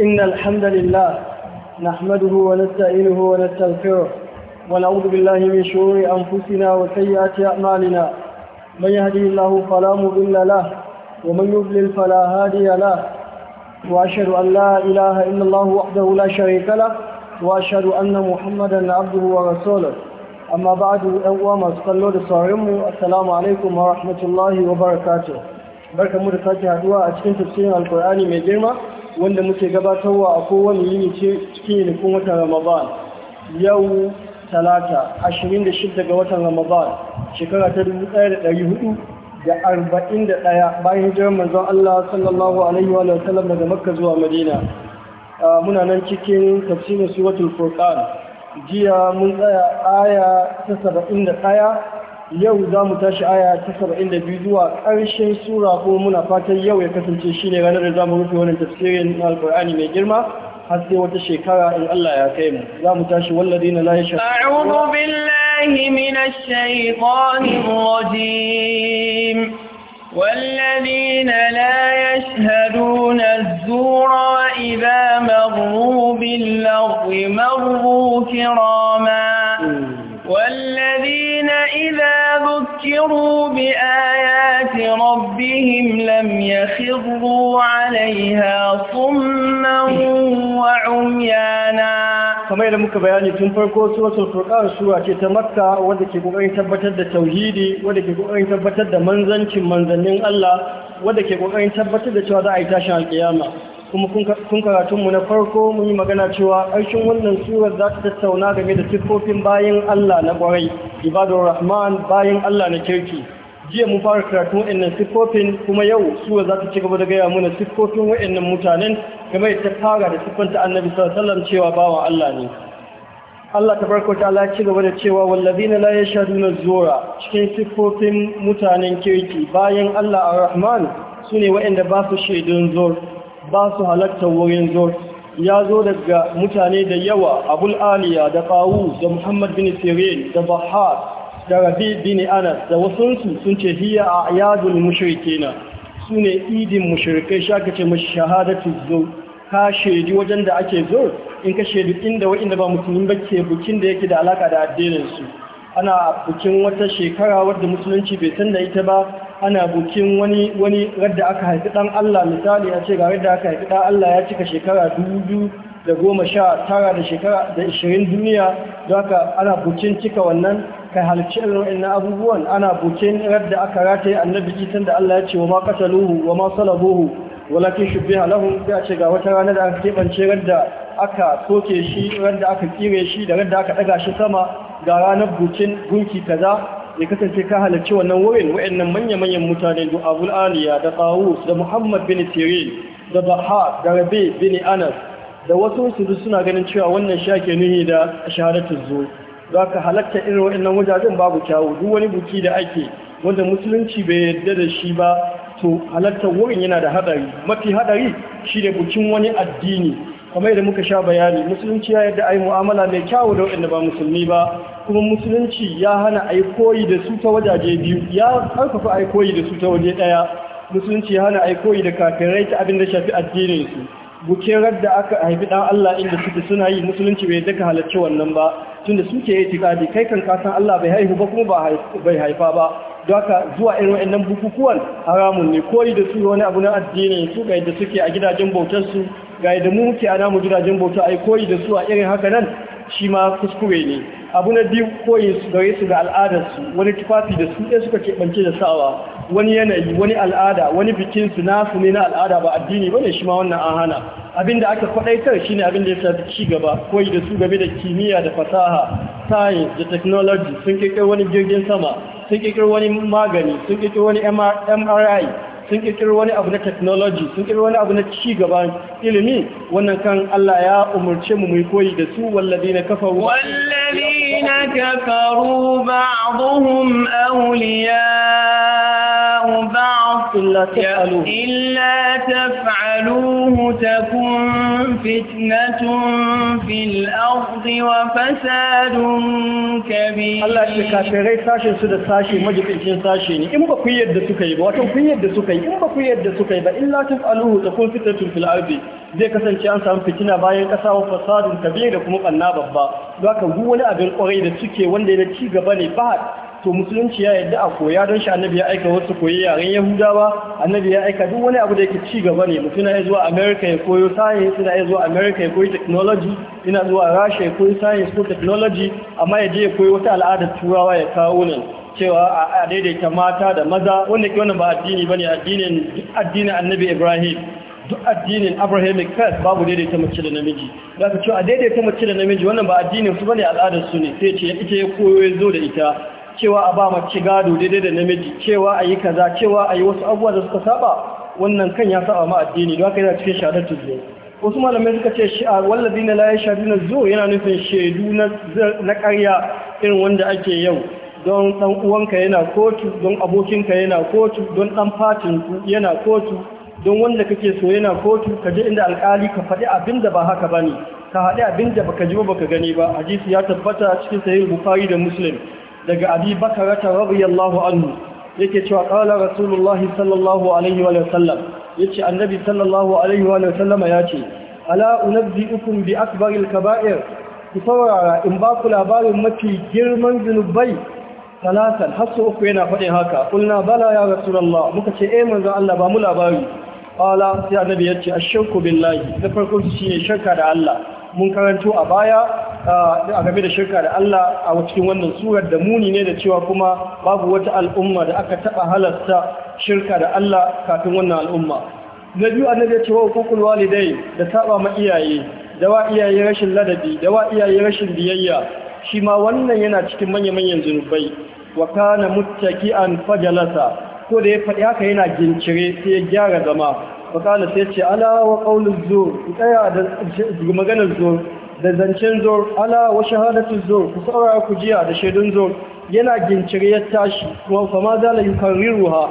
إن الحمد لله نحمده ونستعينه ونستغفره ونعوذ بالله من شرور أنفسنا وسيئات أعمالنا من يهدي الله فلا مضل له ومن يضلل فلا هادي له وأشهد أن لا إله إلا الله وحده لا شريك له وأشهد أن محمدا عبده ورسوله amma ba da uwa masu kallo da saurinmu assalamu alaikum wa rahmatullahi wa barakatuh barkamu da sake haduwa a cikin tafsirin alkur'ani mai girma wanda muke gabatarwa a kowane yini ce cikin yinikun watan ramadan yau talata 26 ga watan ramadan shekara ta 1441 bayan hijirar manzon Allah sallallahu alaihi wa sallam daga makka zuwa madina muna nan cikin tafsirin suratul furqan jiya mun tsaya aya ta ɗaya. yau za mu tashi aya ta saba'in da biyu zuwa ƙarshen sura ko muna fatan yau ya kasance shi ne ranar da za mu rufe wannan tafsirin na alƙur'ani mai girma har sai wata shekara in Allah ya kai mu za mu tashi wallazi na lahi shi a'udhu billahi minash shaitanir rajim والذين لا يشهدون الزور وإذا مروا باللغو مروا كراما والذين إذا ذكروا بآيات ربهم لم يخروا عليها صما وعميانا kamar da muka bayani tun farko suratul furqan sura ce ta makka wadda ke kokarin tabbatar da tauhidi wadda ke kokarin tabbatar da manzancin manzannin Allah wadda ke kokarin tabbatar da cewa za a yi tashin alkiyama kuma kun karatunmu na farko mun yi magana cewa ƙarshen wannan surar za ta tattauna game da siffofin bayan Allah na ƙwarai ibadur rahman bayan Allah na kirki jiya mun fara karatun wa'annan siffofin kuma yau sura za ta ci gaba da gaya mana siffofin wa'annan mutanen game da ta fara da siffanta annabi sallallahu alaihi wasallam cewa bawan Allah ne Allah tabaraka ta'ala ci gaba da cewa wallazina la yashhaduna zura cikin siffofin mutanen kirki bayan Allah ar-rahman sune wa'anda ba su shaidun zur ba su halatta wurin zo ya zo daga mutane da yawa abul aliya da qawu da muhammad bin sirin da bahar da rabi bin anas da wasunsu sun ce hiya a ayadul mushrikina su ne idin mushrikai shaka ce mashi shahadatu zo ka shaidi wajen da ake zo in ka shaidi inda inda ba musulmin ba ke bukin da yake da alaka da addinin su ana bukin wata shekara wadda musulunci bai san da ita ba ana bukin wani wani radda aka haifi dan Allah misali ya ce ga radda aka haifi dan Allah ya cika shekara 2019 da goma sha tara da shekara da ishirin duniya don haka ana bukin cika wannan kai halci irin na abubuwan ana bukin radda aka rataye annabi isan da Allah ya ce wa ma kasaluhu wa ma salabuhu walakin shubbi halahu ya ce ga wata rana da aka kebance radda aka soke shi radda aka kire shi da radda aka ɗaga shi sama ga ranar bukin gunki kaza ya kasance ka halarci wannan wurin wayannan manya-manyan mutane da abul aliya da tawus da muhammad bin tirin da baha da rabi bin anas da wasu su suna ganin cewa wannan shake nuni da shahadatu zo za ka halarta irin wayannan wajajen babu kyawu duk wani buki da ake wanda musulunci bai yarda da shi ba to halarta wurin yana da hadari mafi hadari shi da bukin wani addini kamar da muka sha bayani musulunci ya yadda ai mu'amala mai kyawu da waɗanda ba musulmi ba kuma musulunci ya hana ai koyi da su ta wajaje biyu ya karfafa ai koyi da su ta waje ɗaya musulunci ya hana ai koyi da kafirai ta abin da shafi addinin su bukerar da aka haifi dan Allah inda suke suna yi musulunci bai daga halarci wannan ba tunda suke yi tikadi kai kan kasan Allah bai haihu ba kuma bai haifa ba haka zuwa irin wannan bukukuwan haramun ne koyi da su wani abu na addini su ga yadda suke a gidajen bautar su ga yadda mu muke ana mu gidajen bauta ai koyi da su a irin haka nan shi ma kuskure ne abu na biyu koyi gare su ga al'adarsu wani tufafi da su ɗaya suka keɓance da sawa wani yanayi wani al'ada wani bikin su na su ne na al'ada ba addini bane shi ma wannan an hana Abin da aka kwaɗaitar ne abin da ya tafi ci gaba koyi da su game da kimiyya da fasaha science da technology sun kirkiro wani jirgin sama sun kirkiro wani magani sun kirkiro wani MRI sun kirkiro wani abu na technology sun kirkiro wani abu na ci gaban ilimi wannan kan Allah ya umurce mu mai koyi da su walladina kafaru walladina kafaru ba'dhum awliya'u ba'd إلا تفعلوه إلا تفعلوه تكن فتنة في الأرض وفساد كبير الله تكافري ساشي سودة ساشي مجب إنسان ساشي إن بكو يد سكي واتو كو يد سكي إن بكو يد سكي إلا تفعلوه تكن فتنة في الأرض zai kasance an samu fitina bayan kasa wa fasadun kabir da kuma ɓanna babba za ka wani abin ƙwarai da suke wanda ya ci gaba ne ba to musulunci ya yadda a koya don shi annabi ya aika wasu koyi yaren yahudawa annabi ya aika duk wani abu da yake ci gaba ne mutum ya zuwa america ya koyo science yana ya zuwa america ya koyi technology yana zuwa russia ya koyi science ko technology amma ya je ya koyi wata al'adar turawa ya kawo nan cewa a daidaita mata da maza wanda ke wannan ba addini bane addinin addinin annabi ibrahim duk addinin abrahamic faith babu daidaita mace da namiji za ka cewa a daidaita mace da namiji wannan ba addinin su bane al'adar su ne sai ce ita ya koyo ya zo da ita cewa a ba mace gado daidai da namiji cewa a yi kaza cewa a yi wasu abubuwa da suka saba wannan kan ya saba ma addini don haka yana cikin shahadatu zuwa wasu malamai suka ce shi a wallabi na laye shahadu na zo yana nufin shaidu na karya irin wanda ake yau don dan uwanka yana kotu don abokinka yana kotu don dan fatin yana kotu don wanda kake so yana kotu ka je inda alkali ka faɗi abin da ba haka bane ka haɗi abin da baka ji ba baka gani ba hadisi ya tabbata cikin sahih bukhari da muslim daga abi bakarata radiyallahu anhu yake cewa qala rasulullahi sallallahu alaihi wa sallam yace annabi sallallahu alaihi wa sallama yace ala unabbiukum bi akbaril kaba'ir ku saurara in ba ku labarin mafi girman zunubai talatan har su uku yana faɗin haka ƙulna bala ya rasulullah muka ce eh manzo Allah ba mu labari qala sai annabi yace ashirku billahi da farko shine shakka da Allah mun karanto a baya a game da shirka da Allah a cikin wannan surar da muni ne da cewa kuma babu wata al'umma da aka taɓa halarta shirka da Allah kafin wannan al'umma. Na biyu annabi ya ce wa hukukul walidai da saba ma iyaye, da wa iyaye rashin ladabi, da wa iyaye rashin biyayya, shi ma wannan yana cikin manya-manyan zunubai. Wa kana an fajalasa, ko da ya faɗi haka yana gincire sai ya gyara zama. Wa kana sai ce ala wa qauluz zur, tsaya da maganar zur, da zancen zo ala wa shahadatu zo ku saurara ku jiya da shaidun zo yana gincire ya tashi kuma fa ma la yukarriruha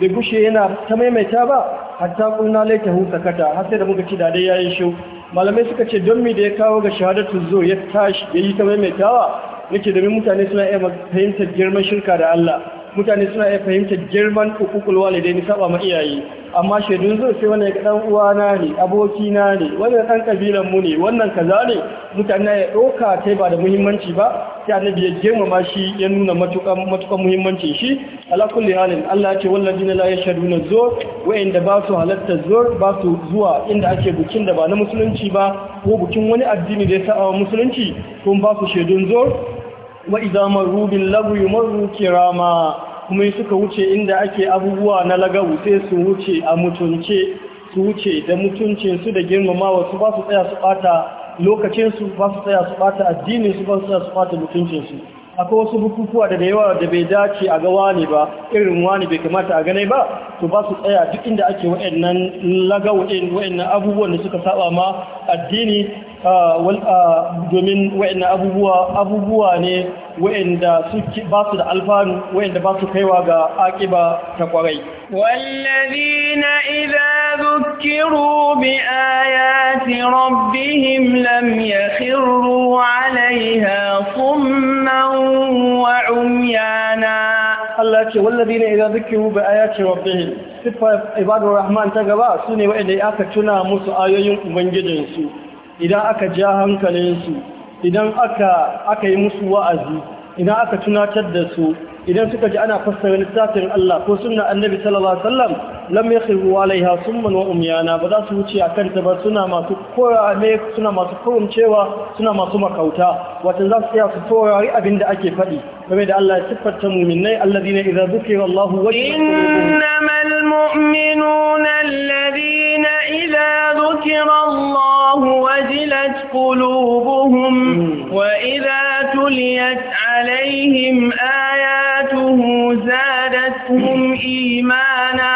bai gushe yana ta maimaita ba hatta kunna laita hu sakata har sai da muka ci da yayi shi malamai suka ce don me da ya kawo ga shahadatu zo ya tashi yayi ta maimaitawa nake domin mutane suna iya fahimtar girman shirka da Allah mutane suna iya fahimtar girman hukukul walidai ni saba ma iyaye amma shaidun zo sai wannan ga dan uwa na ne aboki na ne wannan dan kabilan mu ne wannan kaza ne mutane ya doka kai ba da muhimmanci ba sai annabi ya girmama shi ya nuna matukan matukan muhimmancin shi ala kulli halin Allah ce walladina la yashaduna zur wa'inda ba su halatta zur ba su zuwa inda ake bukin da ba na musulunci ba ko bukin wani addini da ya saba musulunci kun ba su shaidun zur wa idza rubin bil lagwi kuma suka wuce inda ake abubuwa na lagawu sai su wuce a mutunce su wuce da mutuncinsu da girmamawa su ba su tsaya su bata lokacinsu ba su tsaya su bata addininsu ba su tsaya su bata mutuncinsu akwai wasu bukukuwa da da yawa da bai dace a ga wani ba irin wani bai kamata a ganai ba to ba su tsaya duk inda ake wa'annan lagawu din wa'annan abubuwan da suka saba ma addini domin wa'in abubuwa ne wa'inda suke ba su da alfanu da ba su kaiwa ga aqiba ta kwarai na idza zukiru bi ayati rabbihim lam yakhiru 'alayha summan wa yana. Allah ce na idza zukiru bi ayati rabbihim siffar Ibadun rahman ta gaba sune wa'inda aka tuna musu ayoyin ubangijinsu idan aka ja hankalinsu idan aka yi musu wa'azi idan aka tunatar da su idan suka ji ana fassara littafin Allah ko sunna annabi sallallahu alaihi wasallam lam yakhiru alaiha summan wa umyana ba za su wuce akan ta ba suna masu korame suna masu kurumcewa suna masu makauta wato za su iya su saurari abin da ake faɗi game da Allah ya siffata mu'minai alladhina idza dhukira Allah wa innamal mu'minuna alladhina idza dhukira Allah wajilat qulubuhum wa idza tuliyat alaihim ayatu وذريته زادتهم إيمانا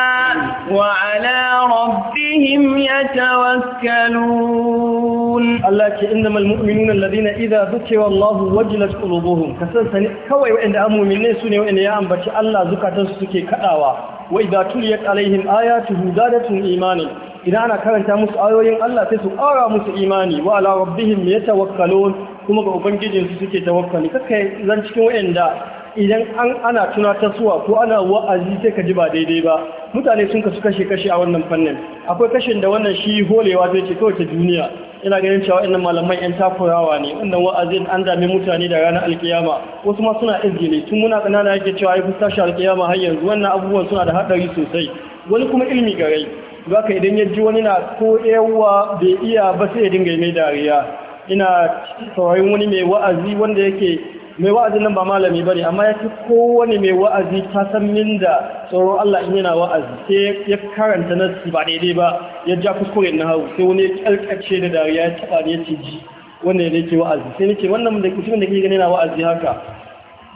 وعلى ربهم يتوكلون الله إنما المؤمنون الذين إذا ذكر الله وجلت قلوبهم كسنسني كوي وإن المؤمنين سنة وإن يأمبت الله زكاة سكي كأوا وإذا تليت عليهم آياته زادتهم إيمانا idan ana karanta musu ayoyin Allah sai su ƙara musu imani wa ala rabbihim yatawakkalun kuma ga ubangijin su suke tawakkali kaka zan cikin wayanda idan an ana tunatar suwa ko ana wa'azi sai ka ji ba daidai ba mutane sun kasu kashe kashe a wannan fannin akwai kashin da wannan shi holewa zai ce kawai ta duniya ina ganin cewa innan malaman yan takurawa ne wannan wa'azin an zami mutane da ranar alkiyama wasu ma suna izgile tun muna kanana yake cewa ai kusa shi alkiyama har yanzu wannan abubuwan suna da haɗari sosai wani kuma ilmi garai zaka idan ya ji wani na ko yawa bai iya ba sai ya dinga mai dariya ina saurayin wani mai wa'azi wanda yake mai wa'azin nan ba malami ba ne amma ya fi kowane mai wa'azi ta san min da tsoron Allah in yana wa'azi sai ya karanta nasi ba daidai ba ya ja kuskure na hau sai wani kalkace da dariya ya taba ne ya ce ji wannan ne ke wa'azi sai nake wannan da mutumin da ke gani na wa'azi haka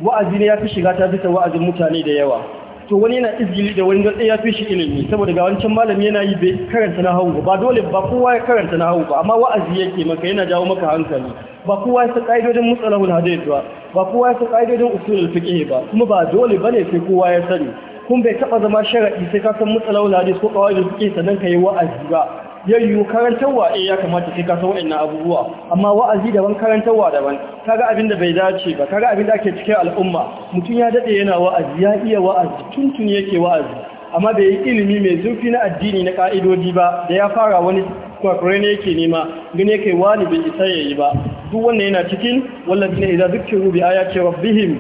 wa'azi ne ya fi shiga ta bisa wa'azin mutane da yawa to wani yana izgili da wani don ya fi shi ilimi saboda ga wancan malami yana yi bai karanta na hau ba dole ba kowa ya karanta na hau ba amma wa'azi yake maka yana jawo maka hankali ba kowa ya san ƙa'idodin mutsalahul hadith ba ba kowa ya san ƙa'idodin usulul fiqh ba kuma ba dole bane sai kowa ya sani kun bai taɓa zama sharaɗi sai ka san matsalawar hadis ko kawai da suke sannan ka yi wa'azi ba yayyu karantarwa eh ya kamata sai ka san wa'annan abubuwa amma wa'azi daban karantarwa daban kaga abin da bai dace ba kaga abin da ake cikin al'umma mutum ya dade yana wa'azi ya iya wa'azi tuntun yake wa'azi amma bai yi ilimi mai zurfi na addini na ka'idodi ba da ya fara wani kwakwure ne yake nema gani yake wani bai isa yayi ba duk wanda yana cikin wallahi ne idan zikru bi ayati rabbihim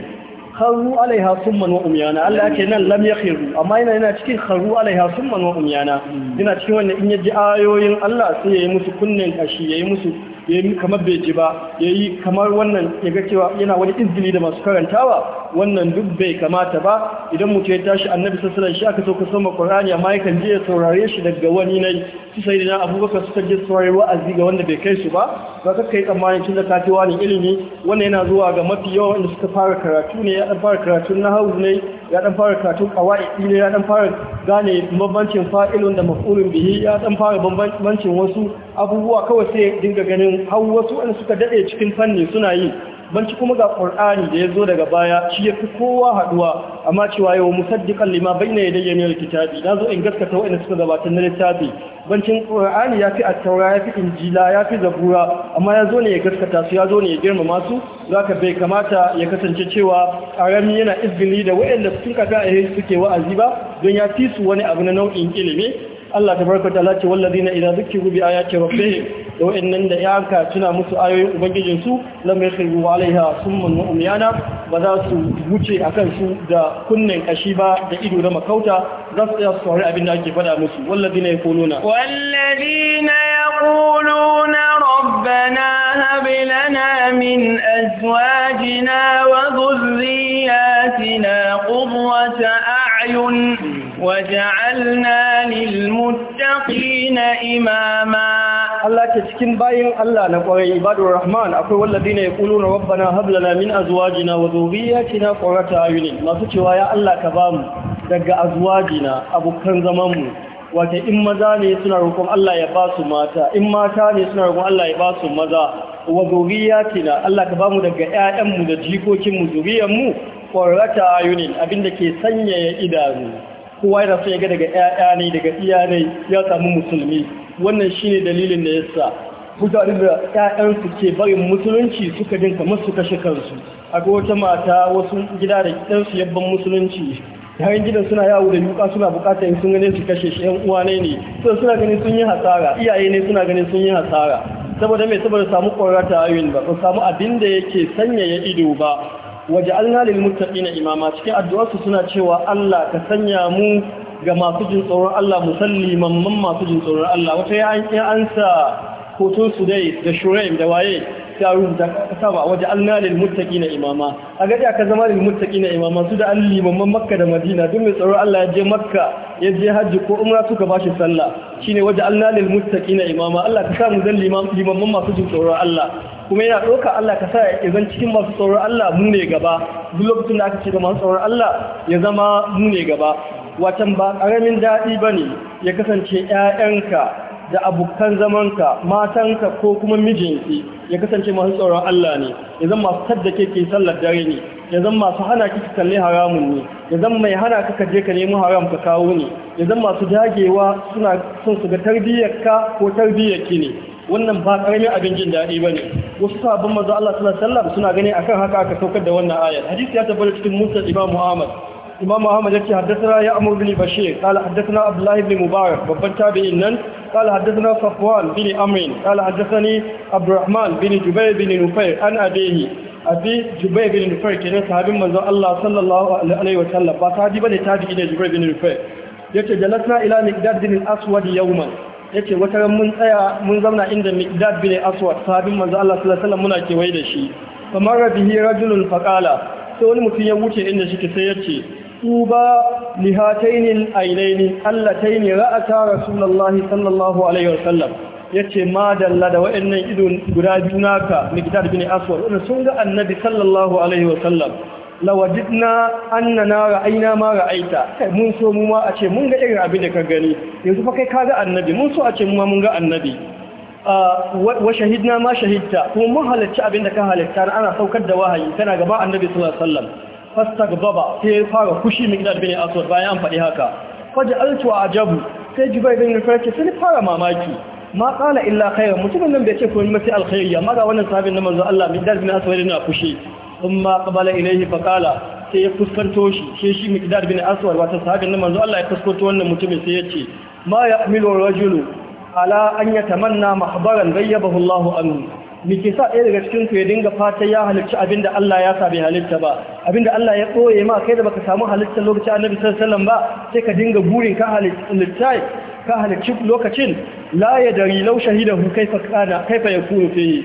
kharu alaiha summan wa umyana Allah yake nan lam yakhiru amma yana yana cikin kharu alaiha summan wa umyana hmm. yana cikin wannan in yaji ayoyin Allah sai yayi musu kunnen kashi yayi musu ya yi kamar bai ji ba ya yi kamar wannan ya ga cewa yana wani izini da masu karantawa wannan duk bai kamata ba idan mutum ya tashi annabi sassalan shi aka sauka sama ƙwarani amma ya kan je ya saurare shi daga wani na su sai dina abubakar suka je saurare wa'azi ga wanda bai kai su ba ba ka kai tsammanin cin da katewa ne ilimi wannan yana zuwa ga mafi yawan wanda suka fara karatu ne ya fara karatu na hau ne ya dan fara karatun kawai ne ya dan fara gane bambancin fa'ilun da maf'ulun bihi ya dan fara bambancin wasu abubuwa kawai sai dinga ganin har wasu an suka dade cikin fanni suna yi banci kuma ga qur'ani da ya zo daga baya shi ya fi kowa haduwa amma cewa yau musaddiqan lima bayna yadayya min alkitabi na zo in gaskata wa'anda suka gabatar na littafi bancin qur'ani ya fi at-taura ya fi injila ya fi zabura amma ya zo ne ya gaskata su ya zo ne ya girmama su zaka bai kamata ya kasance cewa arami yana izgili da wa'anda suka ga a suke wa'azi ba don ya fi su wani abu na nau'in ilimi Allah ta barka ta ce wallazina idza zukiru bi ayati rabbihim to innan da yaka tuna musu ayoyin ubangijin su lam yakhiru alaiha summan wa umyana ba za su wuce akan su da kunnen kashi ba da ido da makauta za su tsaya abin da ake faɗa musu wallazina yaquluna wallazina يقولون ربنا هب لنا من أزواجنا وذرياتنا قرة أعين وجعلنا للمتقين إماما Allah ke cikin bayin Allah na kwarai ibadur rahman akwai walladina yaquluna rabbana hab lana min azwajina wa dhurriyyatina qurrata ayunin masu cewa ya Allah ka bamu daga azwajina zaman mu. wata in maza ne suna roƙon Allah ya ba su mata in mata ne suna roƙon Allah ya ba su maza wa kina Allah ka ba mu daga mu da jikokinmu mu qurrata ayunin abinda ke sanyaya idanu kowa ya so ya ga daga ƴaƴa ne daga iyane ne ya samu musulmi wannan shine dalilin da yasa mutane da su ke barin musulunci suka dinka masu kashe kansu akwai wata mata wasu gida da ɗansu yabban musulunci yayin gidan suna yawo da yuka suna bukatar sun gane su kashe shi yan uwa ne ne so suna ganin sun yi hasara iyaye ne suna ganin sun yi hasara saboda mai saboda samu ta ayoyin ba ba samu abin da yake sanyaya ido ba waje lil muttaqina imama cikin addu'arsu suna cewa Allah ka sanya mu ga masu jin tsoron Allah musalliman man masu jin tsoron Allah wata ya an ansa hoton su dai da shuraim da waye ta rubuta ka saba a waje alna lil muttaqina imama a gaji aka zama lil na imama su da alli mamman makka da madina duk mai tsaro Allah ya je makka ya je hajji ko umra suka bashi sallah shine waje nalil lil na imama Allah ka sa mu zan limamman masu jin tsoron Allah kuma yana ɗauka Allah ka sa ya zan cikin masu tsoron Allah mu ne gaba duk lokacin da aka ce da masu tsoron Allah ya zama mu ne gaba wacan ba ƙaramin daɗi ba ne ya kasance ‘ya'yanka da abokan zamanka matanka ko kuma mijinki ya kasance masu tsoron Allah ne ya zama masu tadda ke ke sallar dare ne ya zama masu hana ki kalle haramun ne ya zama mai hana ka kaje ka nemi haram ka kawo ne ya zama masu dagewa suna son su ga tarbiyyar ka ko tarbiyyar ki ne wannan ba karamin abin jin daɗi ba ne wasu sabon maza Allah sallallahu alaihi wasallam suna gani akan haka aka saukar da wannan ayar hadisi ya tabbata cikin Musa Imam Muhammad imam muhammad yace haddathana ya amr bin bashir qala haddathana Abdullahi ibn mubarak babban tabi'in nan qala haddathana safwan bin amrin qala haddathani abdurrahman bin jubayr bin nufair an abihi abi jubayr bin nufair kenan sahabin manzon Allah sallallahu alaihi wa sallam ba sahabi bane tabi'i ne jubayr bin nufair yace jalasna ila miqdad bin aswad yawman yace wata ran mun tsaya mun zauna inda miqdad bin aswad sahabin manzon Allah sallallahu alaihi wa sallam muna kewaye da shi Kamar bihi rajulun faqala sai wani mutum ya wuce inda shi sai ya ce طوبى لهاتين العينين اللتين رأتا رسول الله صلى الله عليه وسلم yace ma dalla da wayennan ido guda biyu naka miqdad bin aswar wannan sun ga annabi sallallahu alaihi wasallam lawadidna annana ra'ayna ma ra'aita kai mun so mu ma a ce mun ga irin abin da ka gani yanzu fa kai ka ga annabi mun so a ce mu ma mun ga annabi wa shahidna ma shahidta kuma mun halarci abin da ka halarta ana saukar da wahayi kana gaba annabi sallallahu alaihi wasallam fastar baba sai ya fara kushi mignad bin aswad bayan an faɗi haka faji altu a ajabu sai jubai bin rifarci sun fara mamaki ma kala illa khairan mutumin nan bai ce ko mace alkhairi amma ga wannan sahabin na manzo Allah mignad bin aswad yana kushi umma qabala ilayhi fa qala sai ya fuskanto shi sai shi mignad bin aswad wata sahabin na manzo Allah ya fuskanto wannan mutumin sai ya ce ma ya'milu rajulu ala an yatamanna mahbaran bayyabahu Allahu anhu me sa ɗaya daga cikin ku ya dinga fata ya halicci abinda Allah ya sa bai halitta ba abinda Allah ya ɓoye ma kai da baka samu halitta lokacin annabi sallallahu alaihi ba sai ka dinga burin ka halitta ka halicci lokacin la ya dari lau shahidahu kaifa kana kaifa yakunu fihi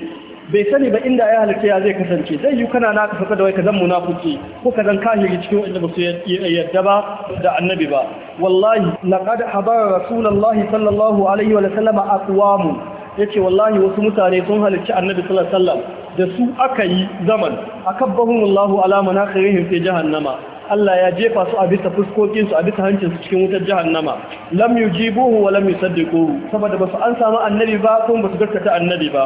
bai sani ba inda ya halitta ya zai kasance zai yi kana na kafa da wai ka zan munafiki ko ka zan kahiri cikin wanda ba su yadda ba da annabi ba wallahi laqad habara rasulullahi sallallahu alaihi wa aqwamu Ya ce wallahi wasu mutane sun halicci annabi sallallahu da su aka yi zaman alama ala manakhirihim fi jahannama Allah ya jefa su a bisa fuskokinsu a bisa hancin su cikin wutar jahannama lam yujibuhu wa lam yusaddiquhu saboda basu an samu annabi ba kuma basu gaskata annabi ba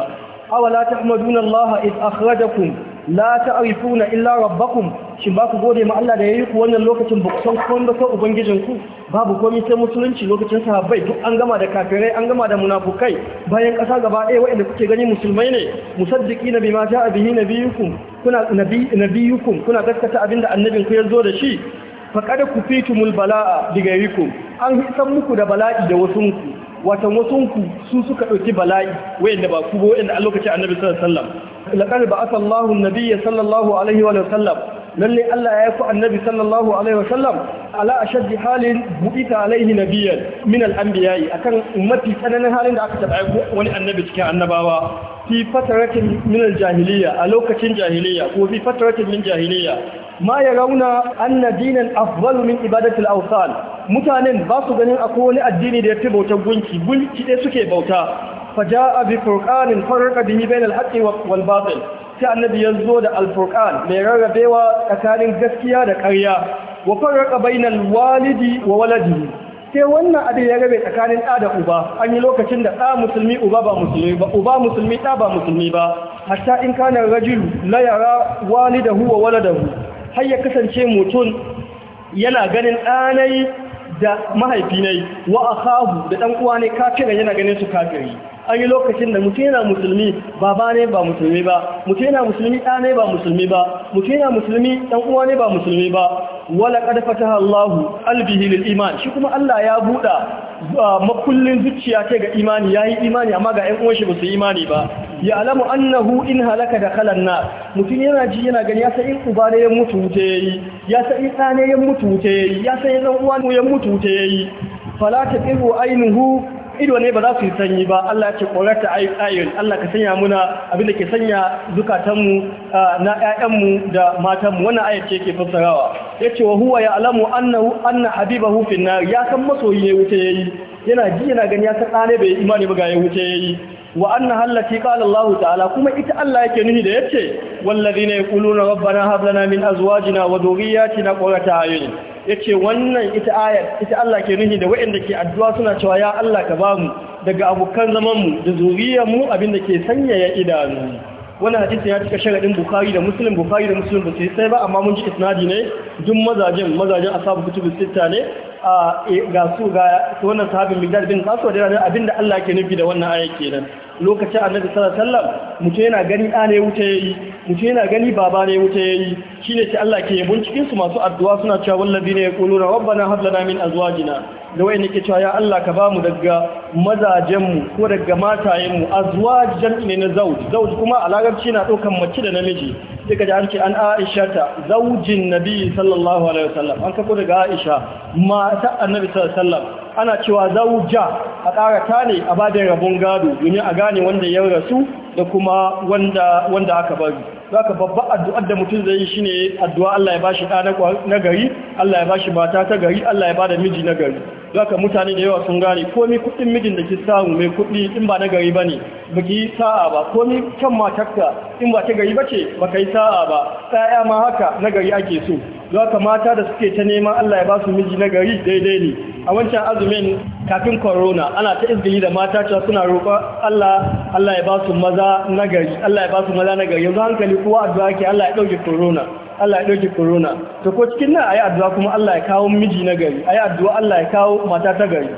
awala tahmaduna Allah id akhrajakum la ta'rifuna illa rabbakum shin ba ku gode ma Allah da yayi ku wannan lokacin ba ku san kon ba ubangijin ku babu komai sai musulunci lokacin sahabbai duk an gama da kafirai an gama da munafukai bayan kasa gaba ɗaya waɗanda kuke gani musulmai ne musaddiqi nabi ma ja'a bihi nabiyukum kuna nabi nabiyukum kuna gaskata abinda annabin ku ya zo da shi faqad kufitumul bala'a digayrikum an hisan muku da bala'i da wasunku watan wasunku su suka ɗauki bala'i wayanda ba ku ba wayanda a lokacin annabi sallallahu alaihi wasallam laqad ba'atha Allahu an-nabiyya sallallahu alaihi wa sallam lalle Allah ya yi annabi sallallahu alaihi wa sallam ala ashaddi halin bu'ita na nabiyyan min al-anbiya'i akan ummati tsananin halin da aka taba wani annabi cikin annabawa fi fataratin min al-jahiliyya a lokacin jahiliyya ko fi fataratin min jahiliyya ma yarawna anna dinan afdalu min al-awthan mutanen ba su ganin akwai wani addini da ya fi bautar gunki gunki dai suke bauta faja'a bi furqanin farqa bihi bainal haqqi wal batil sai annabi ya zo da alfurqan mai rarrabewa tsakanin gaskiya da ƙarya wa farqa bainal walidi wa waladihi sai wannan abin ya rabe tsakanin ɗa da uba an yi lokacin da ɗa musulmi uba ba musulmi ba uba musulmi ɗa ba musulmi ba hatta in kana rajul la yara walidahu wa waladahu har ya kasance mutum yana ganin ɗanai da mahaifinai wa akahu da ɗan uwa ne kafirin yana ganin su kafiri an yi lokacin da mutum yana musulmi ba ne ba musulmi ba mutum yana musulmi ɗa ne ba musulmi ba mutum yana musulmi ɗan uwa ne ba musulmi ba wala qad fata Allahu albihi lil iman shi kuma Allah ya buɗa ah, makullin zuciya ce ga imani yayi imani amma ga ƴan uwan shi ba su imani ba ya alamu annahu in halaka da kalan na mutum yana ji yana gani ya san in uba ne ya mutu ya yayi ya san in ɗa ne ya mutu ya yayi ya san in ɗan uwa ne ya mutu ya yayi fala taqiru ainihu. ido ne ba za su yi sanyi ba Allah ya ce ƙorata Allah ka sanya muna abinda ke sanya zukatanmu na mu da matanmu wannan ayat ce ke fassarawa yace ce wa huwa ya alamu annahu anna habibahu fi nar ya san masoyi ne wuce yayi yana ji yana gani ya san ɗane bai imani ba ga ya wuce yayi wa anna hallati qala Allah ta'ala kuma ita Allah yake nuni da yace wallazina yaquluna rabbana hab lana min azwajina wa dhurriyyatina qurrata ayun ce wannan ita ayar ita Allah ke nuhi da waɗanda ke addu'a suna cewa ya Allah ka ba mu daga abokan zamanmu da zuriyarmu abin da ke sanyaya idanu wannan hadisi ya cika shagadin Bukhari da musulun Bukhari da musulun ba su yi sai ba amma mun ji isnadi ne dun mazajen mazajen a sabu kutubu Sita ne a e, ga su ga wannan sahabin Migdal bin kasuwa da abinda Allah ke nufi da wannan ayar kenan lokacin annabi sallallahu alaihi wasallam yana gani ɗa ne wuta yayi mutu yana gani baba ne wuta yayi shine ce Allah ke yabon cikin su masu addu'a suna cewa wallazina yaquluna rabbana hab lana min azwajina da wai ne ke cewa ya Allah ka bamu daga mazajen mu ko daga matayen mu azwaj jam'i ne na zauj zauj kuma a larabci na ɗaukan mace da namiji duka da an ce an Aisha ta zaujin Nabi sallallahu alaihi wasallam an kako daga Aisha mata annabi sallallahu alaihi wasallam ana cewa Zawuja a ƙarata ne a bada rabon gado domin a gane wanda ya rasu da kuma wanda aka bari za ka babba addu'ar da mutum zai yi shi ne addu'a Allah ya bashi ɗa na gari Allah ya bashi mata ta gari Allah ya ba da miji na gari za ka mutane da yawa sun gane komi kuɗin mijin da ki samu mai kuɗi in ba na gari ba ne ba ki sa'a ba komi kan matakka in ba ta gari ba ce ba ka yi sa'a ba ɗaya ma haka na ake so za ka mata da suke ta neman Allah ya ba su miji na gari daidai ne a wancan azumin kafin corona ana ta izgili da mata cewa suna roƙa Allah Allah ya ba su maza na gari Allah ya ba su maza na gari yanzu hankali kowa addu'a ke Allah ya dauke corona Allah ya dauke corona to ko cikin nan ayi addu'a kuma Allah ya kawo miji na gari ayi addu'a Allah ya kawo mata ta gari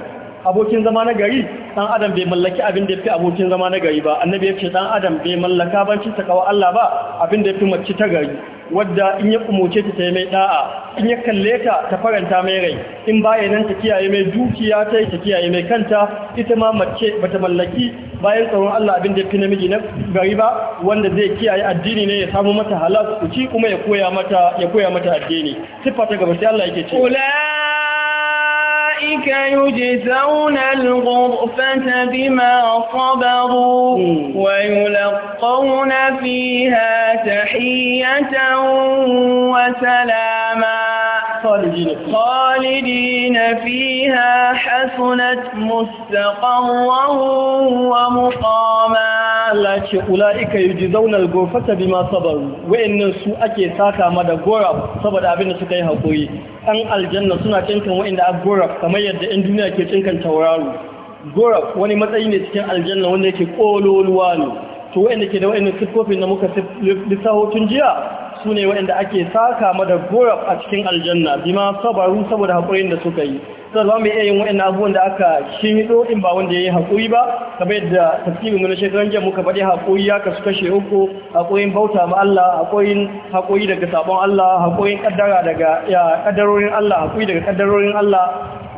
abokin zama na gari dan adam bai mallaki abin da yafi abokin zama na gari ba annabi ya ce dan adam bai mallaka ci ta kawo Allah ba abin da yafi mace ta gari wadda in ya kumoce ta yi mai da'a in ya kalle ta ta faranta mai rai in baya nan ta kiyaye mai dukiya ta ta kiyaye mai kanta ita ma mace ba ta mallaki bayan tsaron Allah abin da fi namiji na gari ba wanda zai kiyaye addini ne ya samu mata halal ci kuma ya koya mata ya koya mata addini sifa ta gaba sai Allah yake ce أولئك يجزون الغرفة بما صبروا ويلقون فيها تحية وسلاما خالدين خالدين فيها حسنت مستقرا ومقاما Allah ce ula'ika yi zaunar gofata ma sabaru wa'annan su ake saka da gorab saboda abin da suka yi haƙuri an aljanna suna cinkan wa'anda a gorab kamar yadda 'yan duniya ke cinkan tauraro gorab wani matsayi ne cikin aljanna wanda yake ƙololuwa ne to wa'anda ke da wa'annan siffofin da muka lissaho tun jiya su ne waɗanda ake saka ma da gorab a cikin aljanna bima sabaru saboda haƙurin da suka yi sai za mu iya yin waɗannan abubuwan da aka shimido in ba wanda ya yi haƙuri ba kamar yadda tafsirin wani shekaran jiya muka faɗi haƙuri ya kasu kashe uku haƙurin bauta ma Allah haƙurin haƙuri daga sabon Allah haƙurin kaddara daga ya kaddarorin Allah haƙuri daga kaddarorin Allah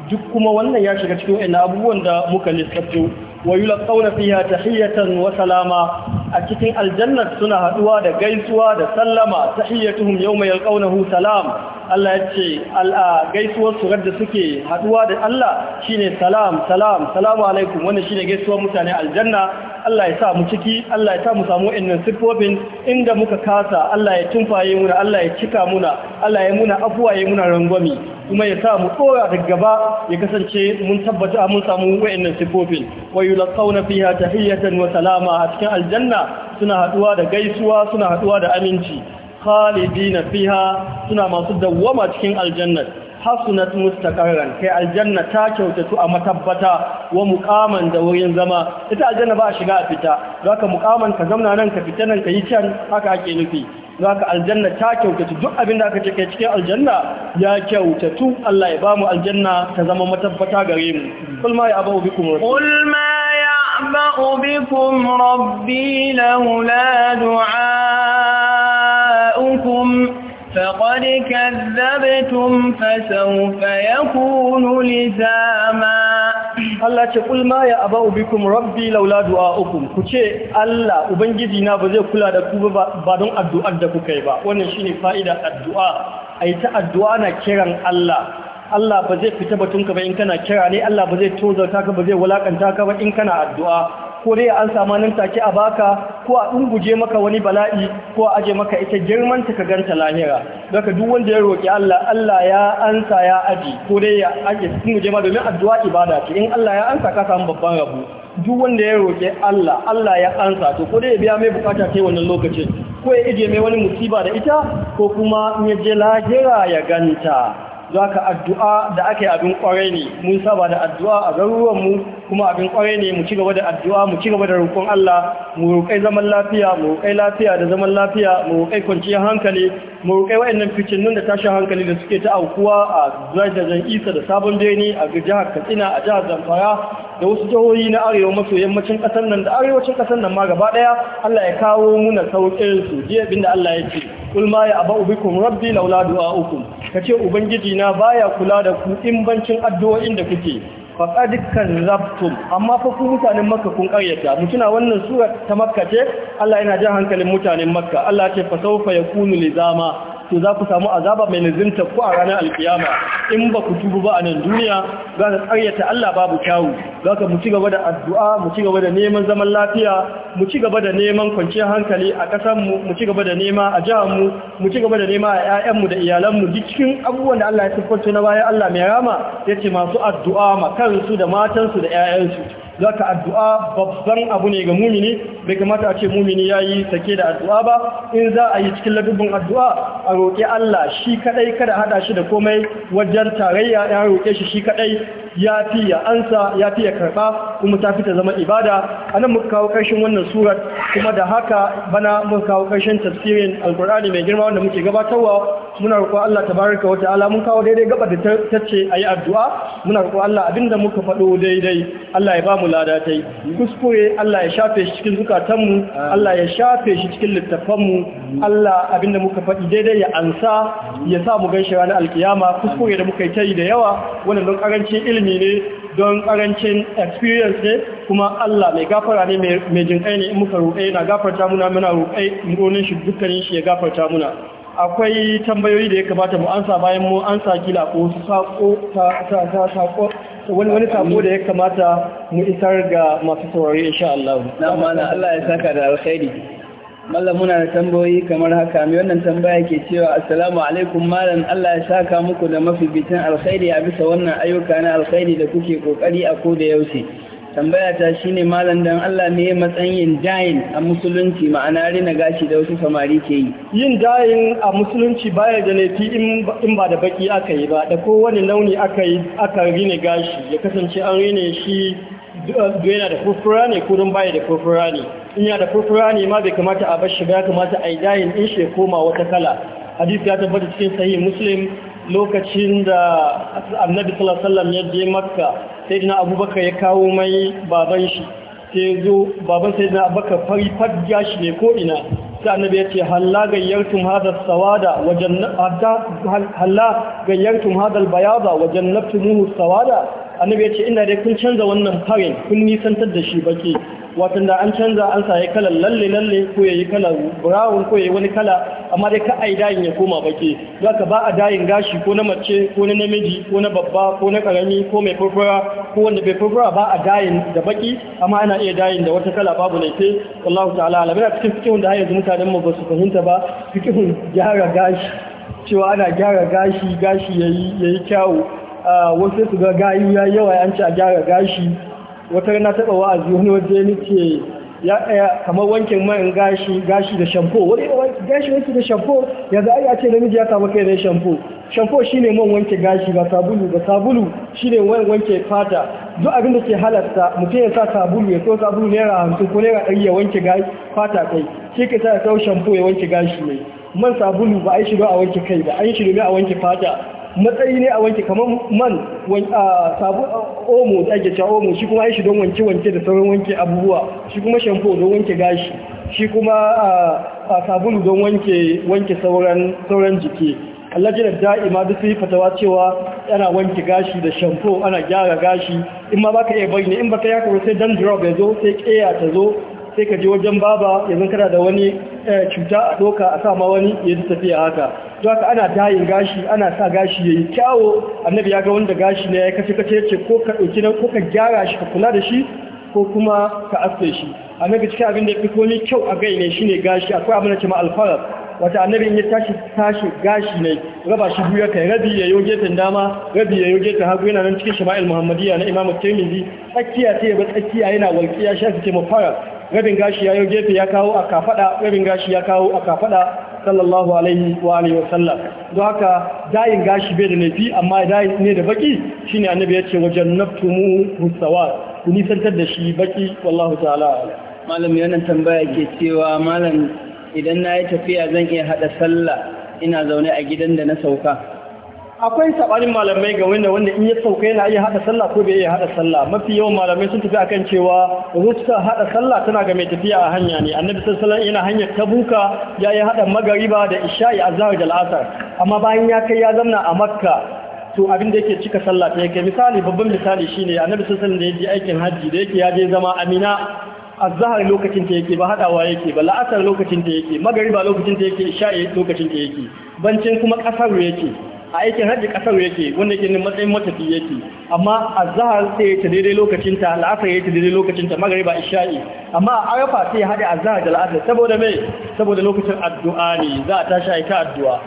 duk kuma wannan ya shiga cikin waɗanda abubuwan da muka lissafto wa yulqawna fiha tahiyatan wa salama a cikin aljanna suna haduwa da gaisuwa da sallama tahiyatuhum yawma yalqawnahu salam Allah ya ce al'a gaisuwar su da suke haɗuwa da Allah shine salam salam salamu alaikum shi shine gaisuwar mutane aljanna Allah ya sa mu ciki Allah ya sa mu samu innan sifofin inda muka kasa Allah ya tumfaye muna Allah ya cika muna Allah ya muna afuwa ya muna rangwami kuma ya sa mu tsora da gaba ya kasance mun tabbata mun samu wa'annan sifofin wa yulqawna fiha tahiyatan wa salama a cikin aljanna suna haɗuwa da gaisuwa suna haɗuwa da aminci khalidina fiha suna masu dawwama cikin aljanna hasunat mustaqarran kai aljanna ta kyautatu a matabbata wa muqaman da wurin zama ita aljanna ba a shiga a fita zaka muqaman ka zamna nan ka fita nan ka yi can haka ake nufi zaka aljanna ta kyautatu duk abin da aka ce kai cikin aljanna ya kyautatu Allah ya bamu aljanna ta zama matabbata gare mu kul ma ya abu bikum qul ma ya'ba'u bikum rabbi laula du'a فقد كذبتم فسوف يكون لزاما Allah ce kul ya aba'u bikum rabbi laula du'a'ukum ku ce Allah ubangiji na ba zai kula da ku ba don addu'ar da kuka yi ba wannan shine fa'ida addu'a ai ta addu'a na kiran Allah Allah ba zai fita batun ka ba in kana kira ne Allah ba zai tozarta ka ba zai wulakanta ka ba in kana addu'a ko dai an samu nan take a baka ko a dunguje maka wani bala'i ko a aje maka ita girman ta ka ganta lahira daga duk wanda ya roki Allah Allah ya ansa ya aji ko dai ya aje dunguje ma domin addu'a ibada ce in Allah ya ansa ka samu babban rabo duk wanda ya roki Allah Allah ya ansa to ko dai ya biya mai bukata kai wannan lokacin ko ya ije mai wani musiba da ita ko kuma ya je lahira ya ganta za ka addu'a da ake abin kwarai ne mun saba da addu'a a garuruwanmu kuma abin kwarai ne mu cigaba da addu'a mu cigaba da rukun Allah mu roƙai zaman lafiya mu roƙai lafiya da zaman lafiya mu roƙai kwanciyar hankali mu roƙai fitin nun da tashi hankali da suke ta aukuwa a zajajen isa da sabon birni a jihar katsina a jihar zamfara da wasu jihohi na arewa maso yammacin ƙasar nan da arewacin ƙasar nan ma gaba ɗaya Allah ya kawo muna sauƙin su jiya abin da Allah ya ce kul ma ya aba ubikum rabbi laula du'aukum kace ubangiji na baya kula da ku in bancin addu'o'in da kuke faqad kazzabtum amma fa ku mutanen makka kun karyata mutuna wannan sura ta makka ce Allah yana jan hankalin mutanen makka Allah ce fa sawfa yakunu lizama to za ku samu azaba mai nazinta ku a ranar alkiyama in ba ku tubu ba a nan duniya ga ka tsaryata Allah babu kyawu za ka mu ci gaba da addu'a mu ci gaba da neman zaman lafiya mu ci gaba da neman kwanciyar hankali a ƙasarmu mu ci gaba da nema a jihanmu mu ci gaba da nema a 'ya'yanmu da iyalanmu duk cikin abubuwan da Allah ya siffanta na bayan Allah mai rama ya ce masu addu'a ma kansu da matansu da 'ya'yansu zaka addu'a babban abu ne ga mumini bai kamata a ce mumini yayi sake da addu'a ba in za a yi cikin ladubin addu'a a roƙi Allah shi kaɗai kada haɗa shi da komai wajen tarayya ya roƙe shi shi kaɗai ya fi ya ansa ya fi ya karɓa kuma ta fi ta zama ibada anan muka kawo ƙarshen wannan surat kuma da haka bana muka kawo ƙarshen tafsirin alkur'ani mai girma wanda muke gabatarwa muna roƙo Allah tabaraka wa ta'ala mun kawo daidai gaba da a ayi addu'a muna roƙo Allah abinda muka faɗo daidai Allah ya ba mu lada ta yi kuskure Allah ya shafe shi cikin zukatanmu Allah ya shafe shi cikin littafanmu Allah abinda muka faɗi daidai ya ansa ya sa mu gan ranar alkiyama kuskure da muka yi ta yi da yawa wannan don ƙarancin ilimi ne don ƙarancin experience ne kuma Allah mai gafara ne mai jinƙai ne in muka roƙe na gafarta muna muna roƙe ngonin shi dukkanin shi ya gafarta muna akwai tambayoyi da ya kamata mu ansa bayan mu ansa kila ko su sako ta wani wani da ya kamata mu isar ga masu saurari insha Allah na mana Allah ya saka da alkhairi mallam muna da tambayoyi kamar haka mai wannan tambaya ke cewa assalamu alaikum malam Allah ya saka muku da mafi bitan alkhairi a bisa wannan ayyuka na alkhairi da kuke kokari a ko da yaushe tambaya ta ne malam dan Allah ne ya matsayin jayin a musulunci ma'ana rina gashi da wasu samari ke yi yin jayin a musulunci baya da laifi in ba da baki aka yi ba da kowane launi aka yi aka rina gashi ya kasance an rina shi eh, yana da furfura ne ko don baya da furfura ne in ya da furfura ne ma bai kamata a bar shi ba kamata a yi jayin in shi koma wata kala hadisi ya tabbata cikin sahih muslim lokacin da annabi sallallahu ya je makka sai dina abubakar ya kawo mai baban shi sai zo baban sai dina abubakar fari fadda shi ne ko ina sai annabi ya ce halla gayyartum hadha sawada wa jannata halla wa sawada annabi ya ce ina dai kun canza wannan farin kun nisantar da shi baki watan da an canza an saye kalar lalle lalle ko yayi kalar brown ko yayi wani kala amma dai ka ai dayin ya koma baki zaka ba a dayin gashi ko na mace ko na namiji ko na babba ko na karami ko mai furfura ko wanda bai furfura ba a dayin da baki amma ana iya dayin da wata kala babu laifi wallahu ta'ala alam ina cikin fikihun da har yanzu mutanen mu ba su fahimta ba fikihun gyara gashi cewa ana gyara gashi gashi yayi yayi kyawu ah, wasu su ga gayu yayi yawa an ci a gyara gashi wata na taɓa wa'azi wani waje ce ya tsaya kamar wankin man gashi gashi da shampo wani gashi wanki da shampo yanzu ai a ce namiji ya samu kai da shampo shampo shine man wanke gashi ba sabulu ba sabulu shine man wanke fata duk abin da ke halarta mutum ya sa sabulu ya so sabulu naira hamsin ko naira ɗari ya wanke fata kai shi ka sa ya kawo shampo ya wanke gashi ne. man sabulu ba a yi shiro a wanke kai ba an yi ne a wanke fata matsayi ne a wanke kamar man sabu omo da ake cewa omo shi kuma ya shi don wanke wanke da sauran wanke abubuwa shi kuma shampoo don wanke gashi shi kuma sabulu don wanke wanke sauran sauran jiki allajinar da'ima duk yi fatawa cewa yana wanke gashi da shampoo ana gyara gashi in ma baka iya bari ne in baka ya kuma sai dandruff ya zo sai kaya ta zo sai ka je wajen baba yanzu kana da wani eh, cuta a doka a sama wani ya ji tafiya haka don ka ana dayin gashi ana sa gashi ya yi kyawo annabi ya ga wanda gashi ne ya kace kace ce ko ka ɗauki nan ko ka gyara shi ka kula da shi ko kuma ka aske shi annabi cikin abin da ya fi komi kyau a gai ne ne gashi akwai abin da ke ma alfarar wata annabi ya tashi tashi gashi ne raba shi biyu kai rabi ya yoge ta dama rabi ya yoge ta hagu yana nan cikin shama'il muhammadiyya na imamu tirmidhi tsakiya ta yaba tsakiya yana walƙiya ake ce fara rabin gashi ya yi gefe ya kawo a kafada rabin gashi ya kawo a kafada sallallahu alaihi wa alihi wa sallam don haka dayin gashi bai da laifi amma dayin ne da baki shine annabi ya ce wajen naftumu husawa ku nisantar da shi baki wallahu ta'ala malam yana tambaya ke cewa malam idan na yi tafiya zan iya hada sallah ina zaune a gidan da na sauka akwai sabanin malamai ga wanda wanda in ya sauka yana iya hada sallah ko bai iya hada sallah mafi yawan malamai sun tafi akan cewa rusta hada sallah tana ga mai tafiya a hanya ne annabi sallallahu alaihi wasallam yana hanyar tabuka ya yi hada magariba da isha'i zahar da al'asar amma bayan ya kai ya zamna a makka to abin da yake cika sallah ta yake misali babban misali shine annabi sallallahu alaihi wasallam da yake aikin haji da yake ya je zama amina azhar lokacin ta yake ba hadawa yake ba la'asar lokacin ta yake magariba lokacin ta yake isha'i lokacin ta yake bancin kuma kasar yake a aikin hajji kasar yake wanda yake matsayin matafi yake amma azhar sai ya ta daidai lokacin ta la'asar ya ta daidai lokacin ta magariba isha'i amma a arafa sai ya hada azhar da la'asar saboda me saboda lokacin addu'a ne za a tashi aika addu'a